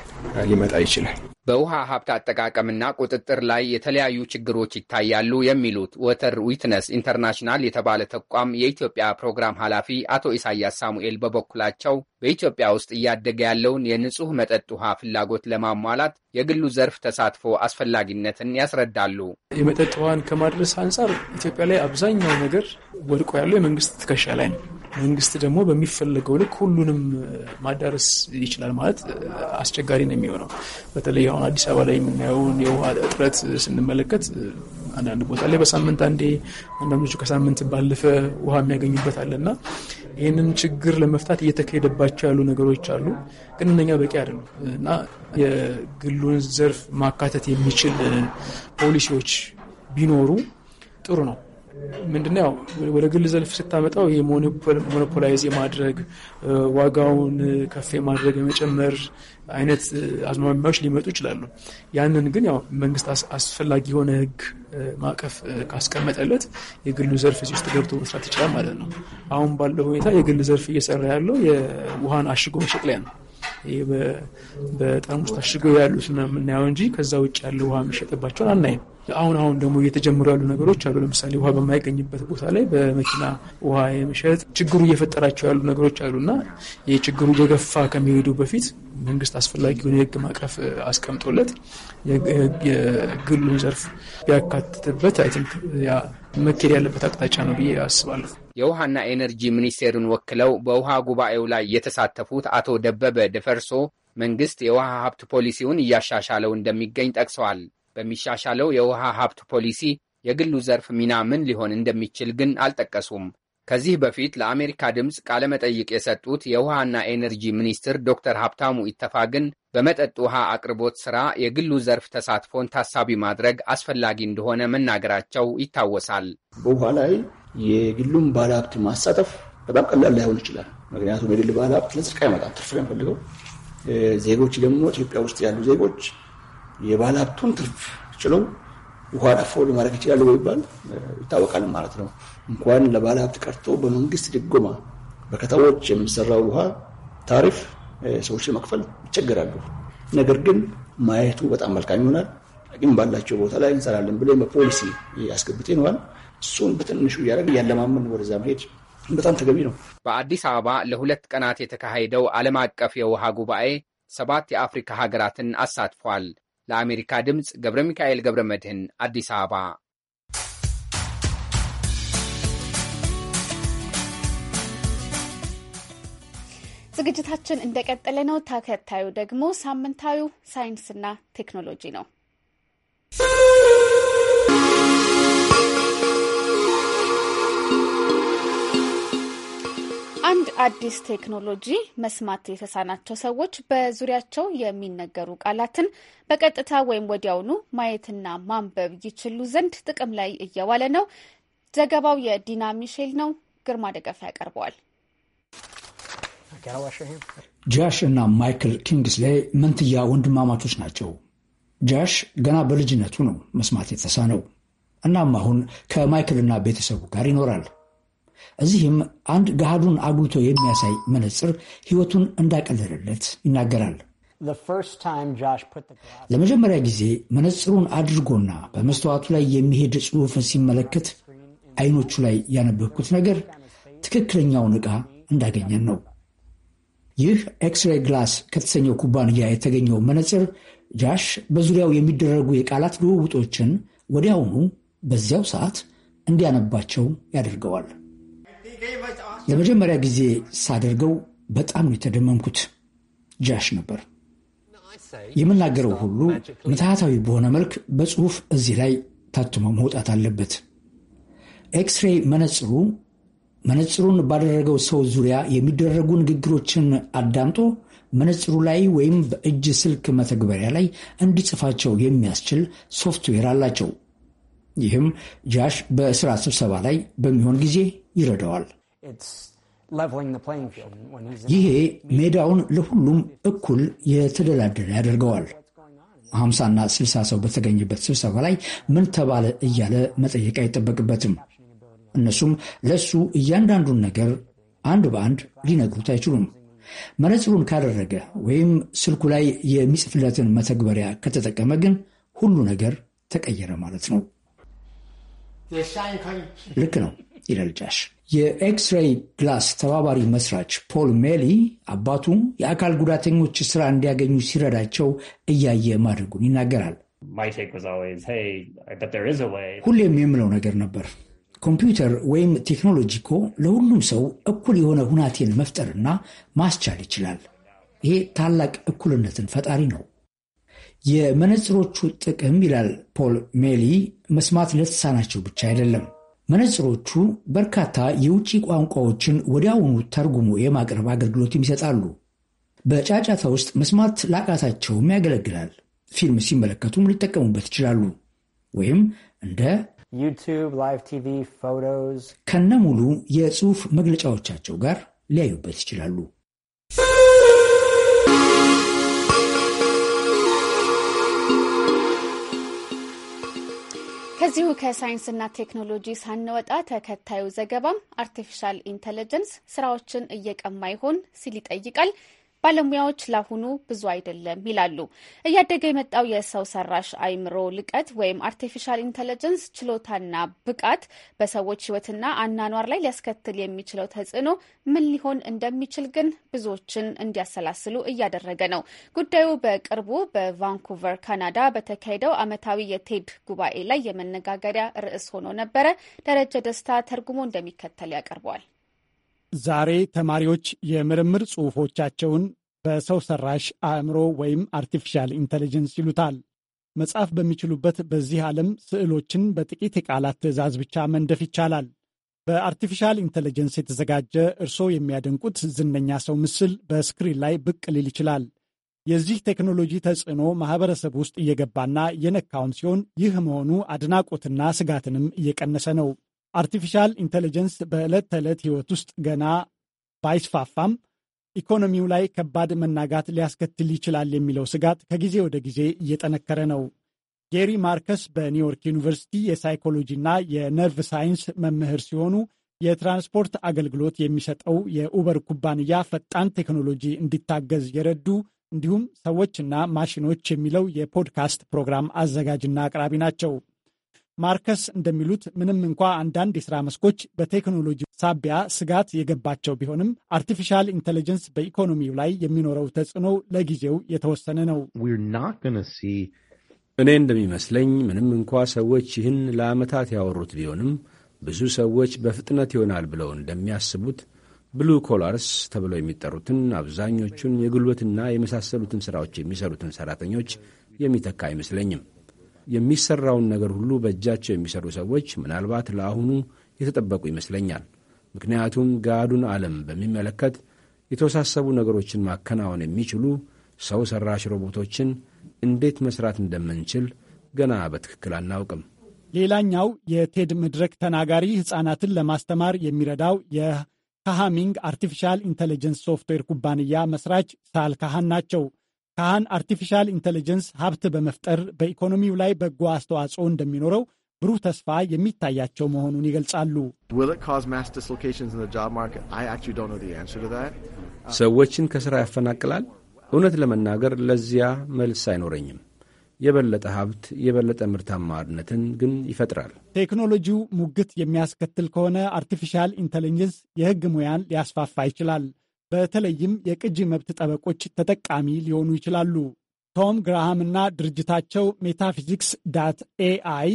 Speaker 17: ሊመጣ ይችላል።
Speaker 5: በውሃ ሀብት አጠቃቀምና ቁጥጥር ላይ የተለያዩ ችግሮች ይታያሉ የሚሉት ወተር ዊትነስ ኢንተርናሽናል የተባለ ተቋም የኢትዮጵያ ፕሮግራም ኃላፊ አቶ ኢሳያስ ሳሙኤል በበኩላቸው በኢትዮጵያ ውስጥ እያደገ ያለውን የንጹህ መጠጥ ውሃ ፍላጎት ለማሟላት የግሉ ዘርፍ ተሳትፎ አስፈላጊነትን ያስረዳሉ።
Speaker 8: የመጠጥ ውሃን ከማድረስ አንጻር ኢትዮጵያ ላይ አብዛኛው ነገር ወድቆ ያለው የመንግስት ትከሻ ላይ ነው። መንግስት ደግሞ በሚፈለገው ልክ ሁሉንም ማዳረስ ይችላል ማለት አስቸጋሪ ነው የሚሆነው። በተለይ አሁን አዲስ አበባ ላይ የምናየውን የውሃ እጥረት ስንመለከት አንዳንድ ቦታ ላይ በሳምንት አንዴ፣ አንዳንዶቹ ከሳምንት ባለፈ ውሃ የሚያገኙበት አለና ይህንን ችግር ለመፍታት እየተካሄደባቸው ያሉ ነገሮች አሉ፣ ግን እነኛ በቂ አይደሉም እና የግሉን ዘርፍ ማካተት የሚችል ፖሊሲዎች ቢኖሩ ጥሩ ነው። ምንድነው ወደ ግል ዘልፍ ስታመጣው የሞኖፖላይዝ የማድረግ ዋጋውን ከፍ የማድረግ የመጨመር አይነት አዝማሚያዎች ሊመጡ ይችላሉ። ያንን ግን ያው መንግስት አስፈላጊ የሆነ ህግ ማዕቀፍ ካስቀመጠለት የግሉ ዘርፍ እዚህ ውስጥ ገብቶ መስራት ይችላል ማለት ነው። አሁን ባለው ሁኔታ የግል ዘርፍ እየሰራ ያለው የውሃን አሽጎ መሸጥ ላይ ነው። ይህ በጠርሙስ ታሽገው ያሉት ነው የምናየው እንጂ ከዛ ውጭ ያለ ውሃ የሚሸጥባቸውን አናይም። አሁን አሁን ደግሞ እየተጀመሩ ያሉ ነገሮች አሉ። ለምሳሌ ውሃ በማይገኝበት ቦታ ላይ በመኪና ውሃ የመሸጥ ችግሩ እየፈጠራቸው ያሉ ነገሮች አሉና ይህ ችግሩ በገፋ ከሚሄዱ በፊት መንግስት አስፈላጊውን የህግ ማዕቀፍ አስቀምጦለት የግሉን ዘርፍ ቢያካትትበት አይ ቲንክ መኬድ ያለበት አቅጣጫ ነው ብዬ አስባለሁ።
Speaker 5: የውሃና ኤነርጂ ሚኒስቴርን ወክለው በውሃ ጉባኤው ላይ የተሳተፉት አቶ ደበበ ደፈርሶ መንግስት የውሃ ሀብት ፖሊሲውን እያሻሻለው እንደሚገኝ ጠቅሰዋል። በሚሻሻለው የውሃ ሀብት ፖሊሲ የግሉ ዘርፍ ሚና ምን ሊሆን እንደሚችል ግን አልጠቀሱም። ከዚህ በፊት ለአሜሪካ ድምፅ ቃለመጠይቅ የሰጡት የውሃና ኤነርጂ ሚኒስትር ዶክተር ሀብታሙ ኢተፋ ግን በመጠጥ ውሃ አቅርቦት ስራ የግሉ ዘርፍ ተሳትፎን ታሳቢ ማድረግ አስፈላጊ እንደሆነ መናገራቸው ይታወሳል።
Speaker 3: በውሃ ላይ የግሉም ባለሀብት ማሳተፍ በጣም ቀላል ላይሆን ይችላል። ምክንያቱም የግል ባለሀብት ለስርቃ ይመጣል ትርፍ የሚፈልገው። ዜጎች ደግሞ ኢትዮጵያ ውስጥ ያሉ ዜጎች የባለሀብቱን ትርፍ ችለው ውሃ ዳፎ ማድረግ ይችላሉ ይባል ይታወቃል ማለት ነው። እንኳን ለባለ ሀብት ቀርቶ በመንግስት ድጎማ በከተሞች የሚሰራው ውሃ ታሪፍ ሰዎች ለመክፈል ይቸገራሉ። ነገር ግን ማየቱ በጣም መልካም ይሆናል። አቅም ባላቸው ቦታ ላይ እንሰራለን ብለን በፖሊሲ አስገብተነዋል። እሱን በትንሹ እያደረግን እያለማመን ወደዛ መሄድ
Speaker 5: በጣም ተገቢ ነው። በአዲስ አበባ ለሁለት ቀናት የተካሄደው ዓለም አቀፍ የውሃ ጉባኤ ሰባት የአፍሪካ ሀገራትን አሳትፏል። ለአሜሪካ ድምፅ ገብረ ሚካኤል ገብረ መድህን አዲስ አበባ
Speaker 1: ዝግጅታችን እንደቀጠለ ነው። ተከታዩ ደግሞ ሳምንታዊ ሳይንስና ቴክኖሎጂ ነው። አንድ አዲስ ቴክኖሎጂ መስማት የተሳናቸው ሰዎች በዙሪያቸው የሚነገሩ ቃላትን በቀጥታ ወይም ወዲያውኑ ማየትና ማንበብ ይችሉ ዘንድ ጥቅም ላይ እየዋለ ነው። ዘገባው የዲና ሚሼል ነው። ግርማ ደገፋ ያቀርበዋል።
Speaker 16: ጃሽ እና ማይክል ላይ መንትያ ወንድማማቾች ናቸው። ጃሽ ገና በልጅነቱ ነው መስማት የተሳነው። እናም አሁን ከማይክልና ቤተሰቡ ጋር ይኖራል። እዚህም አንድ ገሃዱን አጉልቶ የሚያሳይ መነጽር ሕይወቱን እንዳቀለለለት ይናገራል። ለመጀመሪያ ጊዜ መነጽሩን አድርጎና በመስተዋቱ ላይ የሚሄድ ጽሑፍን ሲመለከት አይኖቹ ላይ ያነበብኩት ነገር ትክክለኛውን ዕቃ እንዳገኘን ነው። ይህ ኤክስሬ ግላስ ከተሰኘው ኩባንያ የተገኘው መነጽር ጃሽ በዙሪያው የሚደረጉ የቃላት ልውውጦችን ወዲያውኑ በዚያው ሰዓት እንዲያነባቸው ያደርገዋል። ለመጀመሪያ ጊዜ ሳደርገው በጣም ነው የተደመምኩት። ጃሽ ነበር የምናገረው ሁሉ ምትሃታዊ በሆነ መልክ በጽሑፍ እዚህ ላይ ታትሞ መውጣት አለበት። ኤክስሬይ መነጽሩ መነጽሩን ባደረገው ሰው ዙሪያ የሚደረጉ ንግግሮችን አዳምጦ መነጽሩ ላይ ወይም በእጅ ስልክ መተግበሪያ ላይ እንዲጽፋቸው የሚያስችል ሶፍትዌር አላቸው። ይህም ጃሽ በስራ ስብሰባ ላይ በሚሆን ጊዜ ይረዳዋል። ይሄ ሜዳውን ለሁሉም እኩል የተደላደለ ያደርገዋል። ሀምሳና ስልሳ ሰው በተገኘበት ስብሰባ ላይ ምን ተባለ እያለ መጠየቅ አይጠበቅበትም። እነሱም ለእሱ እያንዳንዱን ነገር አንድ በአንድ ሊነግሩት አይችሉም። መነጽሩን ካደረገ ወይም ስልኩ ላይ የሚጽፍለትን መተግበሪያ ከተጠቀመ ግን ሁሉ ነገር ተቀየረ ማለት ነው። ልክ ነው ይላል ጃሽ። የኤክስሬይ ግላስ ተባባሪ መስራች ፖል ሜሊ አባቱ የአካል ጉዳተኞች ስራ እንዲያገኙ ሲረዳቸው እያየ ማድረጉን ይናገራል። ሁሌም የምለው ነገር ነበር ኮምፒውተር ወይም ቴክኖሎጂ እኮ ለሁሉም ሰው እኩል የሆነ ሁናቴን መፍጠርና ማስቻል ይችላል። ይሄ ታላቅ እኩልነትን ፈጣሪ ነው። የመነጽሮቹ ጥቅም ይላል ፖል ሜሊ፣ መስማት ለተሳናቸው ብቻ አይደለም። መነጽሮቹ በርካታ የውጭ ቋንቋዎችን ወዲያውኑ ተርጉሞ የማቅረብ አገልግሎትም ይሰጣሉ። በጫጫታ ውስጥ መስማት ላቃታቸውም ያገለግላል። ፊልም ሲመለከቱም ሊጠቀሙበት ይችላሉ። ወይም እንደ ከነሙሉ የጽሑፍ መግለጫዎቻቸው ጋር ሊያዩበት ይችላሉ።
Speaker 1: ከዚሁ ከሳይንስና ቴክኖሎጂ ሳንወጣ ተከታዩ ዘገባም አርቲፊሻል ኢንተለጀንስ ስራዎችን እየቀማ ይሆን ሲል ይጠይቃል። ባለሙያዎች ላሁኑ ብዙ አይደለም ይላሉ። እያደገ የመጣው የሰው ሰራሽ አእምሮ ልቀት ወይም አርቲፊሻል ኢንተለጀንስ ችሎታና ብቃት በሰዎች ሕይወትና አናኗር ላይ ሊያስከትል የሚችለው ተጽዕኖ ምን ሊሆን እንደሚችል ግን ብዙዎችን እንዲያሰላስሉ እያደረገ ነው። ጉዳዩ በቅርቡ በቫንኩቨር ካናዳ በተካሄደው ዓመታዊ የቴድ ጉባኤ ላይ የመነጋገሪያ ርዕስ ሆኖ ነበረ። ደረጀ ደስታ ተርጉሞ እንደሚከተል ያቀርበዋል።
Speaker 3: ዛሬ ተማሪዎች የምርምር ጽሑፎቻቸውን በሰው ሰራሽ አእምሮ ወይም አርቲፊሻል ኢንቴሊጀንስ ይሉታል መጻፍ በሚችሉበት በዚህ ዓለም ስዕሎችን በጥቂት የቃላት ትዕዛዝ ብቻ መንደፍ ይቻላል። በአርቲፊሻል ኢንቴሊጀንስ የተዘጋጀ እርስዎ የሚያደንቁት ዝነኛ ሰው ምስል በስክሪን ላይ ብቅ ሊል ይችላል። የዚህ ቴክኖሎጂ ተጽዕኖ ማህበረሰብ ውስጥ እየገባና እየነካውም ሲሆን ይህ መሆኑ አድናቆትና ስጋትንም እየቀነሰ ነው። አርቲፊሻል ኢንቴሊጀንስ በዕለት ተዕለት ሕይወት ውስጥ ገና ባይስፋፋም ኢኮኖሚው ላይ ከባድ መናጋት ሊያስከትል ይችላል የሚለው ስጋት ከጊዜ ወደ ጊዜ እየጠነከረ ነው። ጌሪ ማርከስ በኒውዮርክ ዩኒቨርሲቲ የሳይኮሎጂና የነርቭ ሳይንስ መምህር ሲሆኑ የትራንስፖርት አገልግሎት የሚሰጠው የኡበር ኩባንያ ፈጣን ቴክኖሎጂ እንዲታገዝ የረዱ እንዲሁም ሰዎችና ማሽኖች የሚለው የፖድካስት ፕሮግራም አዘጋጅና አቅራቢ ናቸው። ማርከስ እንደሚሉት ምንም እንኳ አንዳንድ የሥራ መስኮች በቴክኖሎጂ ሳቢያ ስጋት የገባቸው ቢሆንም አርቲፊሻል ኢንቴሊጀንስ በኢኮኖሚው ላይ የሚኖረው ተጽዕኖ ለጊዜው የተወሰነ ነው።
Speaker 15: እኔ እንደሚመስለኝ ምንም እንኳ ሰዎች ይህን ለዓመታት ያወሩት ቢሆንም ብዙ ሰዎች በፍጥነት ይሆናል ብለው እንደሚያስቡት ብሉ ኮላርስ ተብለው የሚጠሩትን አብዛኞቹን የጉልበትና የመሳሰሉትን ሥራዎች የሚሰሩትን ሠራተኞች የሚተካ አይመስለኝም። የሚሰራውን ነገር ሁሉ በእጃቸው የሚሰሩ ሰዎች ምናልባት ለአሁኑ የተጠበቁ ይመስለኛል። ምክንያቱም ጋዱን ዓለም በሚመለከት የተወሳሰቡ ነገሮችን ማከናወን የሚችሉ ሰው ሠራሽ ሮቦቶችን እንዴት መሥራት እንደምንችል ገና በትክክል አናውቅም።
Speaker 3: ሌላኛው የቴድ መድረክ ተናጋሪ ሕፃናትን ለማስተማር የሚረዳው የካሃሚንግ አርቲፊሻል ኢንቴሊጀንስ ሶፍትዌር ኩባንያ መስራች ሳል ካሃን ናቸው። ካህን አርቲፊሻል ኢንቴሊጀንስ ሀብት በመፍጠር በኢኮኖሚው ላይ በጎ አስተዋጽኦ እንደሚኖረው ብሩህ ተስፋ የሚታያቸው መሆኑን ይገልጻሉ። ሰዎችን ከሥራ ያፈናቅላል? እውነት
Speaker 15: ለመናገር ለዚያ መልስ አይኖረኝም። የበለጠ ሀብት፣ የበለጠ ምርታማነትን ግን ይፈጥራል።
Speaker 3: ቴክኖሎጂው ሙግት የሚያስከትል ከሆነ አርቲፊሻል ኢንቴሊጀንስ የሕግ ሙያን ሊያስፋፋ ይችላል። በተለይም የቅጂ መብት ጠበቆች ተጠቃሚ ሊሆኑ ይችላሉ። ቶም ግራሃም እና ድርጅታቸው ሜታፊዚክስ ዳት ኤአይ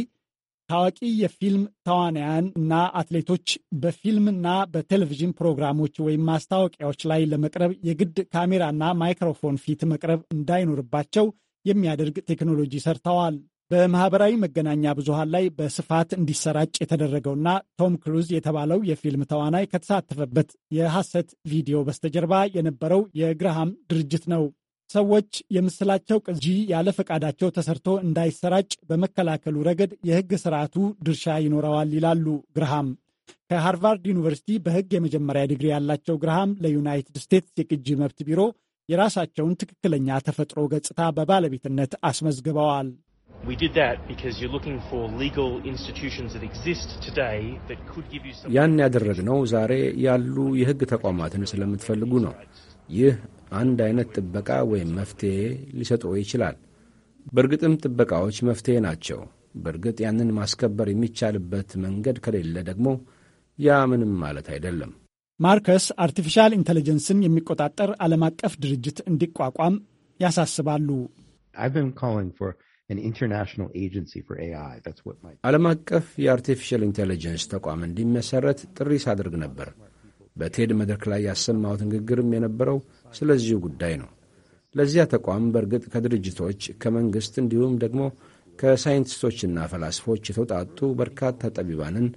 Speaker 3: ታዋቂ የፊልም ተዋናያን እና አትሌቶች በፊልምና በቴሌቪዥን ፕሮግራሞች ወይም ማስታወቂያዎች ላይ ለመቅረብ የግድ ካሜራና ማይክሮፎን ፊት መቅረብ እንዳይኖርባቸው የሚያደርግ ቴክኖሎጂ ሰርተዋል። በማህበራዊ መገናኛ ብዙሃን ላይ በስፋት እንዲሰራጭ የተደረገውና ቶም ክሩዝ የተባለው የፊልም ተዋናይ ከተሳተፈበት የሐሰት ቪዲዮ በስተጀርባ የነበረው የግርሃም ድርጅት ነው። ሰዎች የምስላቸው ቅጂ ያለ ፈቃዳቸው ተሰርቶ እንዳይሰራጭ በመከላከሉ ረገድ የህግ ስርዓቱ ድርሻ ይኖረዋል ይላሉ ግርሃም። ከሃርቫርድ ዩኒቨርሲቲ በህግ የመጀመሪያ ዲግሪ ያላቸው ግርሃም ለዩናይትድ ስቴትስ የቅጂ መብት ቢሮ የራሳቸውን ትክክለኛ ተፈጥሮ ገጽታ በባለቤትነት አስመዝግበዋል። ያን ያደረግነው ዛሬ
Speaker 15: ያሉ የሕግ ተቋማትን ስለምትፈልጉ ነው። ይህ አንድ አይነት ጥበቃ ወይም መፍትሔ ሊሰጥዎ ይችላል። በእርግጥም ጥበቃዎች መፍትሄ ናቸው። በእርግጥ ያንን ማስከበር የሚቻልበት መንገድ ከሌለ ደግሞ ያ ምንም ማለት አይደለም።
Speaker 3: ማርከስ አርቲፊሻል ኢንቴሊጀንስን የሚቆጣጠር ዓለም አቀፍ ድርጅት እንዲቋቋም ያሳስባሉ።
Speaker 15: ዓለም አቀፍ የአርቲፊሻል ኢንቴሊጀንስ ተቋም እንዲመሠረት ጥሪ ሳድርግ ነበር። በቴድ መድረክ ላይ ያሰማሁት ንግግርም የነበረው ስለዚሁ ጉዳይ ነው። ለዚያ ተቋም በእርግጥ ከድርጅቶች ከመንግሥት፣ እንዲሁም ደግሞ ከሳይንቲስቶችና ፈላስፎች የተውጣጡ በርካታ ጠቢባንን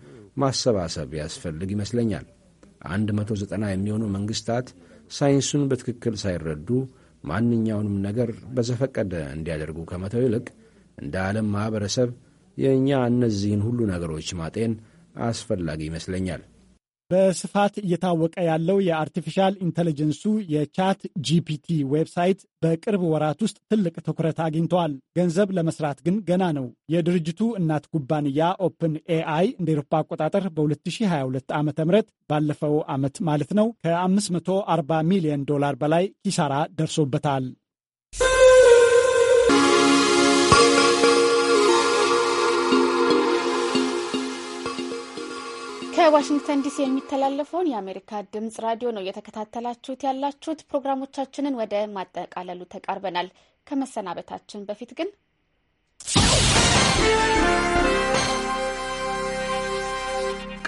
Speaker 15: ማሰባሰብ ያስፈልግ ይመስለኛል። 190 የሚሆኑ መንግሥታት ሳይንሱን በትክክል ሳይረዱ ማንኛውንም ነገር በዘፈቀደ እንዲያደርጉ ከመተው ይልቅ እንደ ዓለም ማኅበረሰብ የእኛ እነዚህን ሁሉ ነገሮች ማጤን አስፈላጊ ይመስለኛል።
Speaker 3: በስፋት እየታወቀ ያለው የአርቲፊሻል ኢንቴሊጀንሱ የቻት ጂፒቲ ዌብሳይት በቅርብ ወራት ውስጥ ትልቅ ትኩረት አግኝተዋል። ገንዘብ ለመስራት ግን ገና ነው። የድርጅቱ እናት ኩባንያ ኦፕን ኤአይ እንደ ኤሮፓ አቆጣጠር በ2022 ዓ ም ባለፈው ዓመት ማለት ነው ከ540 ሚሊዮን ዶላር በላይ ኪሳራ ደርሶበታል።
Speaker 1: ከዋሽንግተን ዲሲ የሚተላለፈውን የአሜሪካ ድምጽ ራዲዮ ነው እየተከታተላችሁት ያላችሁት። ፕሮግራሞቻችንን ወደ ማጠቃለሉ ተቃርበናል። ከመሰናበታችን በፊት ግን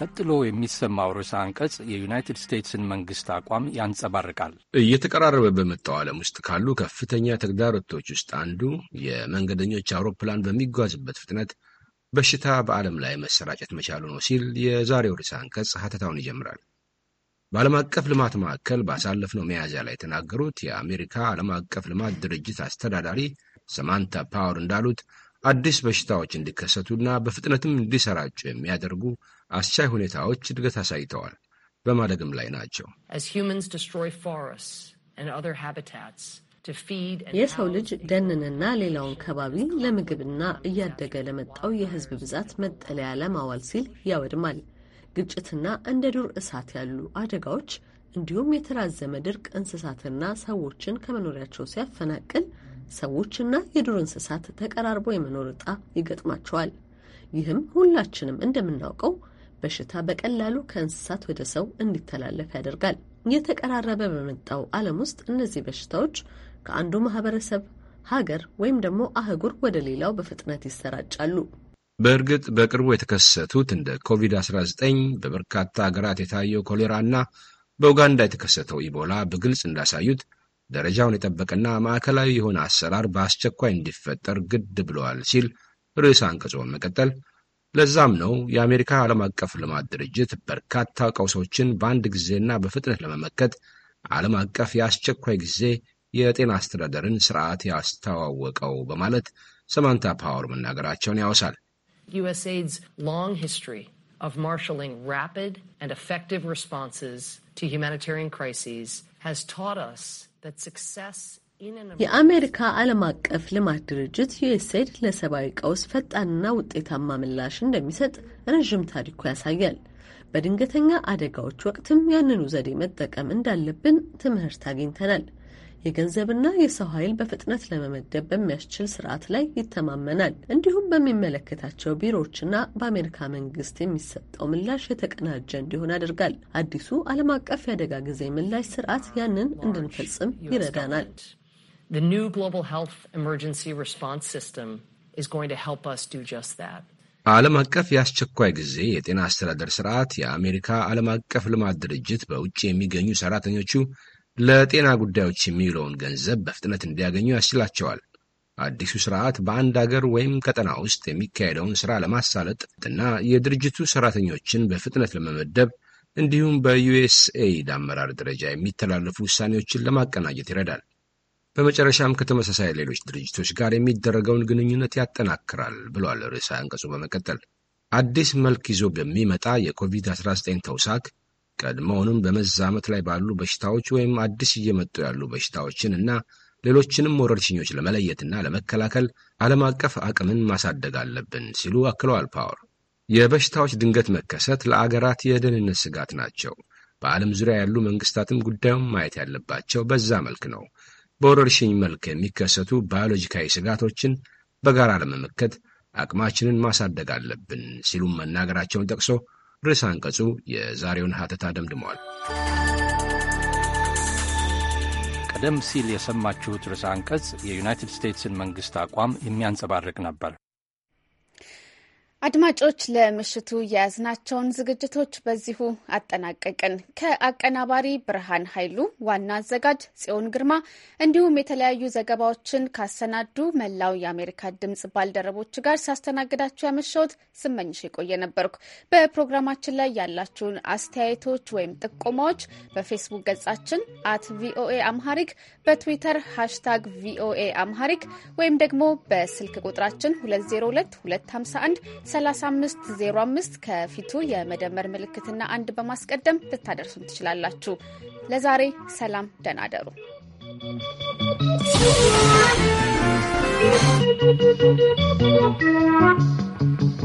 Speaker 15: ቀጥሎ የሚሰማው ርዕሰ አንቀጽ የዩናይትድ ስቴትስን መንግስት አቋም ያንጸባርቃል። እየተቀራረበ በመጣው ዓለም ውስጥ ካሉ ከፍተኛ ተግዳሮቶች ውስጥ አንዱ የመንገደኞች አውሮፕላን በሚጓዝበት ፍጥነት በሽታ በዓለም ላይ መሰራጨት መቻሉ ነው ሲል የዛሬው ርዕሰ አንቀጽ ሀተታውን ይጀምራል። በዓለም አቀፍ ልማት ማዕከል ባሳለፍነው መያዝያ ላይ የተናገሩት የአሜሪካ ዓለም አቀፍ ልማት ድርጅት አስተዳዳሪ ሰማንታ ፓወር እንዳሉት አዲስ በሽታዎች እንዲከሰቱና በፍጥነትም እንዲሰራጩ የሚያደርጉ አስቻይ ሁኔታዎች እድገት አሳይተዋል፣ በማደግም ላይ ናቸው።
Speaker 6: የሰው ልጅ ደንንና ሌላውን ከባቢ ለምግብና እያደገ ለመጣው የህዝብ ብዛት መጠለያ ለማዋል ሲል ያወድማል። ግጭትና እንደ ዱር እሳት ያሉ አደጋዎች እንዲሁም የተራዘመ ድርቅ እንስሳትና ሰዎችን ከመኖሪያቸው ሲያፈናቅል ሰዎችና የዱር እንስሳት ተቀራርቦ የመኖር ዕጣ ይገጥማቸዋል። ይህም ሁላችንም እንደምናውቀው በሽታ በቀላሉ ከእንስሳት ወደ ሰው እንዲተላለፍ ያደርጋል። እየተቀራረበ በመጣው ዓለም ውስጥ እነዚህ በሽታዎች ከአንዱ ማህበረሰብ፣ ሀገር ወይም ደግሞ አህጉር ወደ ሌላው በፍጥነት ይሰራጫሉ።
Speaker 15: በእርግጥ በቅርቡ የተከሰቱት እንደ ኮቪድ-19 በበርካታ ሀገራት የታየው ኮሌራ እና በኡጋንዳ የተከሰተው ኢቦላ በግልጽ እንዳሳዩት ደረጃውን የጠበቀና ማዕከላዊ የሆነ አሰራር በአስቸኳይ እንዲፈጠር ግድ ብለዋል ሲል ርዕስ አንቀጾ መቀጠል። ለዛም ነው የአሜሪካ ዓለም አቀፍ ልማት ድርጅት በርካታ ቀውሶችን በአንድ ጊዜና በፍጥነት ለመመከት ዓለም አቀፍ የአስቸኳይ ጊዜ የጤና አስተዳደርን ስርዓት ያስተዋወቀው በማለት ሰማንታ ፓወር መናገራቸውን ያወሳል።
Speaker 6: የአሜሪካ ዓለም አቀፍ ልማት ድርጅት ዩኤስኤድ ለሰብአዊ ቀውስ ፈጣንና ውጤታማ ምላሽ እንደሚሰጥ ረዥም ታሪኩ ያሳያል። በድንገተኛ አደጋዎች ወቅትም ያንኑ ዘዴ መጠቀም እንዳለብን ትምህርት አግኝተናል። የገንዘብና የሰው ኃይል በፍጥነት ለመመደብ በሚያስችል ስርዓት ላይ ይተማመናል። እንዲሁም በሚመለከታቸው ቢሮዎችና በአሜሪካ መንግስት የሚሰጠው ምላሽ የተቀናጀ እንዲሆን ያደርጋል። አዲሱ ዓለም አቀፍ የአደጋ ጊዜ ምላሽ ስርዓት ያንን እንድንፈጽም ይረዳናል። The new global health emergency response system is going to help us do just that.
Speaker 15: ዓለም አቀፍ የአስቸኳይ ጊዜ የጤና አስተዳደር ስርዓት የአሜሪካ ዓለም አቀፍ ልማት ድርጅት በውጭ የሚገኙ ሰራተኞቹ ለጤና ጉዳዮች የሚውለውን ገንዘብ በፍጥነት እንዲያገኙ ያስችላቸዋል። አዲሱ ስርዓት በአንድ አገር ወይም ቀጠና ውስጥ የሚካሄደውን ስራ ለማሳለጥ እና የድርጅቱ ሰራተኞችን በፍጥነት ለመመደብ እንዲሁም በዩኤስኤይድ አመራር ደረጃ የሚተላለፉ ውሳኔዎችን ለማቀናጀት ይረዳል። በመጨረሻም ከተመሳሳይ ሌሎች ድርጅቶች ጋር የሚደረገውን ግንኙነት ያጠናክራል ብሏል ርዕሰ አንቀጹ በመቀጠል አዲስ መልክ ይዞ በሚመጣ የኮቪድ-19 ተውሳክ ቀድሞውንም በመዛመት ላይ ባሉ በሽታዎች ወይም አዲስ እየመጡ ያሉ በሽታዎችን እና ሌሎችንም ወረርሽኞች ለመለየትና ለመከላከል ዓለም አቀፍ አቅምን ማሳደግ አለብን ሲሉ አክለዋል። ፓወር የበሽታዎች ድንገት መከሰት ለአገራት የደህንነት ስጋት ናቸው። በዓለም ዙሪያ ያሉ መንግስታትም ጉዳዩን ማየት ያለባቸው በዛ መልክ ነው። በወረርሽኝ መልክ የሚከሰቱ ባዮሎጂካዊ ስጋቶችን በጋራ ለመመከት አቅማችንን ማሳደግ አለብን ሲሉም መናገራቸውን ጠቅሶ ርዕሰ አንቀጹ የዛሬውን ሀተታ ደምድመዋል። ቀደም ሲል የሰማችሁት ርዕሰ አንቀጽ የዩናይትድ ስቴትስን መንግሥት አቋም የሚያንጸባርቅ ነበር።
Speaker 1: አድማጮች ለምሽቱ የያዝናቸውን ዝግጅቶች በዚሁ አጠናቀቅን። ከአቀናባሪ ብርሃን ኃይሉ፣ ዋና አዘጋጅ ጽዮን ግርማ እንዲሁም የተለያዩ ዘገባዎችን ካሰናዱ መላው የአሜሪካ ድምጽ ባልደረቦች ጋር ሳስተናግዳችሁ ያመሸሁት ስመኝሽ የቆየ ነበርኩ። በፕሮግራማችን ላይ ያላችሁን አስተያየቶች ወይም ጥቆማዎች በፌስቡክ ገጻችን አት ቪኦኤ አምሃሪክ፣ በትዊተር ሃሽታግ ቪኦኤ አምሃሪክ ወይም ደግሞ በስልክ ቁጥራችን 202251 3505 ከፊቱ የመደመር ምልክትና አንድ በማስቀደም ልታደርሱን ትችላላችሁ። ለዛሬ ሰላም፣ ደህና አደሩ።